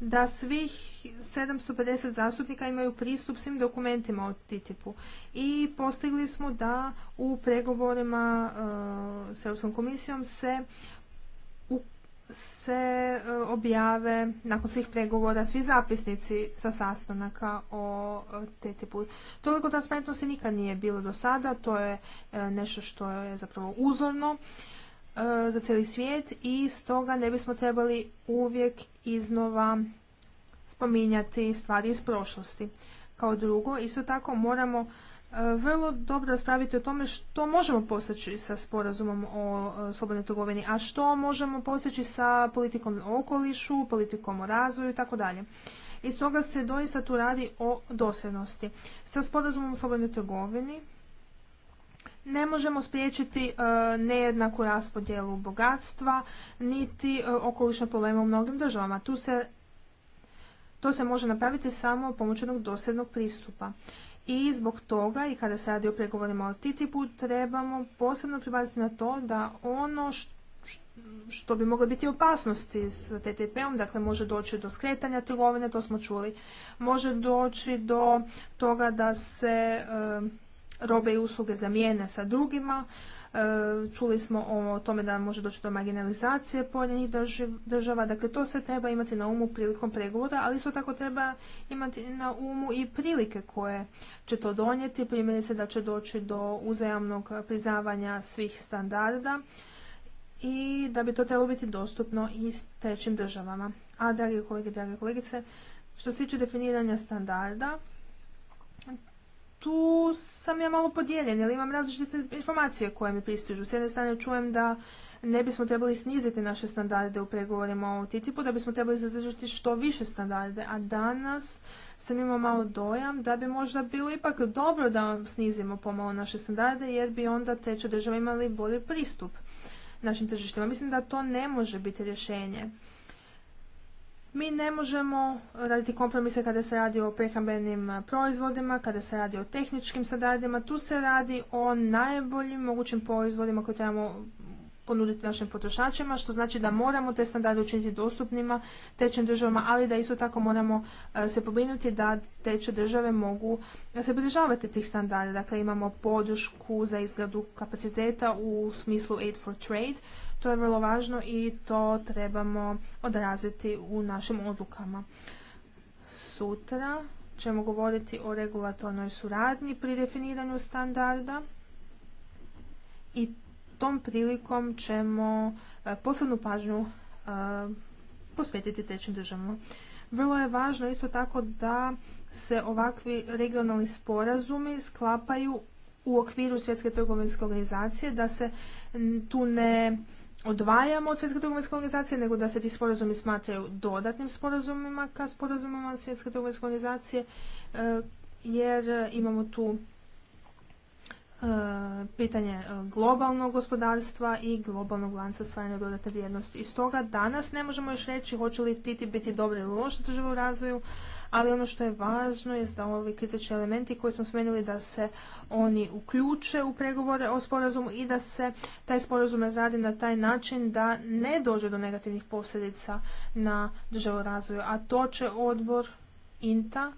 da svih 750 zastupnika imaju pristup svim dokumentima od TTIP-u. I postigli smo da u pregovorima e, s Europskom komisijom se se e, objave nakon svih pregovora svi zapisnici sa sastanaka o e, TTIP-u. Toliko transparentnosti nikad nije bilo do sada, to je e, nešto što je zapravo uzorno za cijeli svijet i stoga ne bismo trebali uvijek iznova spominjati stvari iz prošlosti. Kao drugo, isto tako moramo vrlo dobro raspraviti o tome što možemo postići sa sporazumom o e, slobodnoj trgovini, a što možemo postići sa politikom o okolišu, politikom o razvoju i tako dalje. I stoga se doista tu radi o dosljednosti. Sa sporazumom o slobodnoj trgovini ne možemo spriječiti e, nejednaku raspodjelu bogatstva, niti e, okolišne probleme u mnogim državama. Tu se, to se može napraviti samo pomoću dosljednog pristupa i zbog toga i kada se radi o pregovorima o TTIP-u trebamo posebno pribaziti na to da ono što bi mogle biti opasnosti s TTP-om, dakle može doći do skretanja trgovine, to smo čuli, može doći do toga da se eh, robe i usluge zamijene sa drugima, E, čuli smo o tome da može doći do marginalizacije pojedinih država. Dakle, to sve treba imati na umu prilikom pregovora, ali isto tako treba imati na umu i prilike koje će to donijeti. Primjerice da će doći do uzajamnog priznavanja svih standarda i da bi to trebalo biti dostupno i trećim državama. A, dragi kolege, drage kolegice, što se tiče definiranja standarda, tu sam ja malo podijeljen, jer imam različite informacije koje mi pristižu. S jedne strane čujem da ne bismo trebali sniziti naše standarde u pregovorima o TTIP-u, da bismo trebali zadržati što više standarde, a danas sam imao malo dojam da bi možda bilo ipak dobro da snizimo pomalo naše standarde, jer bi onda treće države imali bolji pristup našim tržištima. Mislim da to ne može biti rješenje. Mi ne možemo raditi kompromise kada se radi o prehrambenim proizvodima, kada se radi o tehničkim standardima. Tu se radi o najboljim mogućim proizvodima koje trebamo ponuditi našim potrošačima, što znači da moramo te standarde učiniti dostupnima tečnim državama, ali da isto tako moramo se pobrinuti da teče države mogu se pridržavati tih standarda. Dakle, imamo podršku za izgradu kapaciteta u smislu Aid for Trade, to je vrlo važno i to trebamo odraziti u našim odlukama. Sutra ćemo govoriti o regulatornoj suradnji pri definiranju standarda i tom prilikom ćemo e, posebnu pažnju e, posvetiti trećim državama. Vrlo je važno isto tako da se ovakvi regionalni sporazumi sklapaju u okviru Svjetske trgovinske organizacije, da se tu ne odvajamo od Svjetske trgovinske organizacije, nego da se ti sporazumi smatraju dodatnim sporazumima ka sporazumima Svjetske trgovinske organizacije, e, jer imamo tu e, pitanje e, globalnog gospodarstva i globalnog lanca stvaranja dodatne vrijednosti. I stoga danas ne možemo još reći hoće li TTIP biti dobro ili loš države u razvoju, ali ono što je važno je da ovi kritični elementi koji smo spomenuli da se oni uključe u pregovore o sporazumu i da se taj sporazum razradi na taj način da ne dođe do negativnih posljedica na državu razvoju, a to će odbor INTA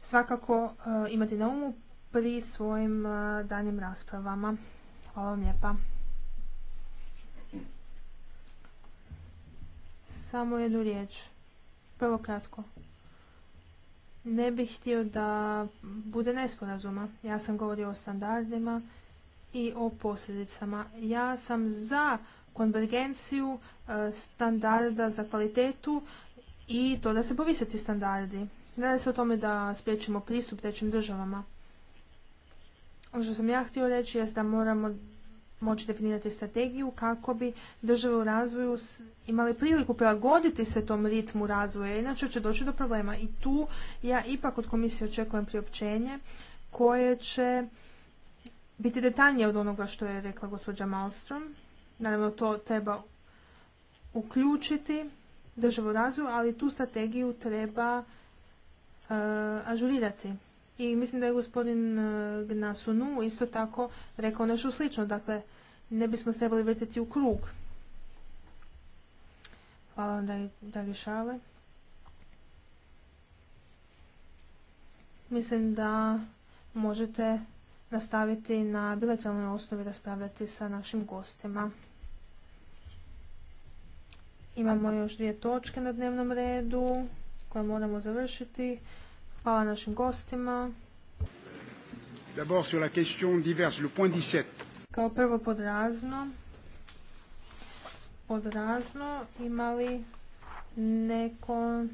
svakako e, imati na umu pri svojim e, danim raspravama. Hvala vam lijepa. Samo jednu riječ. Vrlo kratko ne bih htio da bude nesporazuma. Ja sam govorio o standardima i o posljedicama. Ja sam za konvergenciju e, standarda za kvalitetu i to da se povise ti standardi. Ne se o tome da spriječimo pristup trećim državama. Ono što sam ja htio reći je da moramo moći definirati strategiju kako bi države u razvoju imali priliku prilagoditi se tom ritmu razvoja, inače će doći do problema. I tu ja ipak od komisije očekujem priopćenje koje će biti detaljnije od onoga što je rekla gospođa Malstrom. Naravno, to treba uključiti državu razvoju, ali tu strategiju treba e, ažurirati. I mislim da je gospodin e, Gnasunu isto tako rekao nešto slično. Dakle, ne bismo trebali vrtiti u krug. Hvala vam da, li Mislim da možete nastaviti na bilateralnoj osnovi raspravljati sa našim gostima. Imamo još dvije točke na dnevnom redu koje moramo završiti. Hvala našim gostima. D'abord sur la question diverse, le point 17. Kao prvo podrazno, podrazno imali neko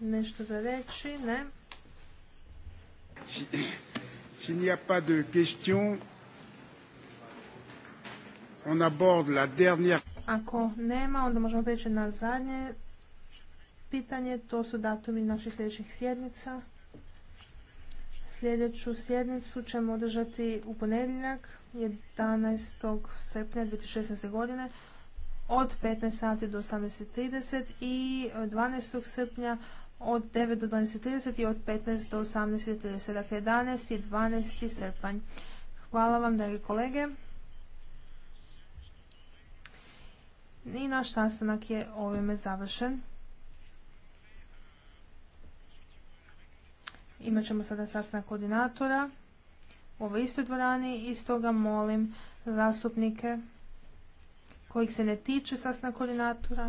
nešto za reći, ne? S'il n'y a pas de question, on aborde la dernière. Ako nema, onda možemo prijeći na zadnje pitanje, to su datumi naših sljedećih sjednica. Sljedeću sjednicu ćemo održati u ponedjeljak 11. srpnja 2016. godine od 15 sati do 18.30 i 12. srpnja od 9 do 12.30 i od 15 do 18.30, dakle 11 i 12. srpanj. Hvala vam, dragi kolege. I naš sastanak je ovime završen. Imat ćemo sada sastanak koordinatora u ovoj istoj dvorani i stoga molim zastupnike kojih se ne tiče sastanak koordinatora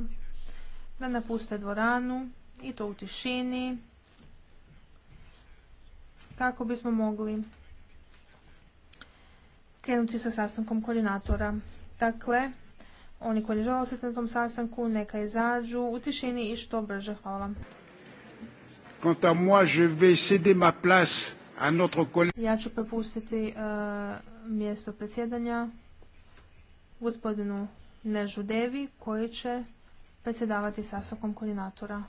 da napuste dvoranu i to u tišini kako bismo mogli krenuti sa sastankom koordinatora. Dakle, oni koji ne žele osjetiti na tom sastanku neka izađu u tišini i što brže. Hvala moi, je vais céder ma Ja ću prepustiti e, mjesto predsjedanja gospodinu Nežu Devi koji će predsjedavati sasokom koordinatora.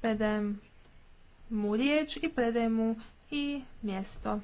Predajem mu riječ i predajem mu i mjesto.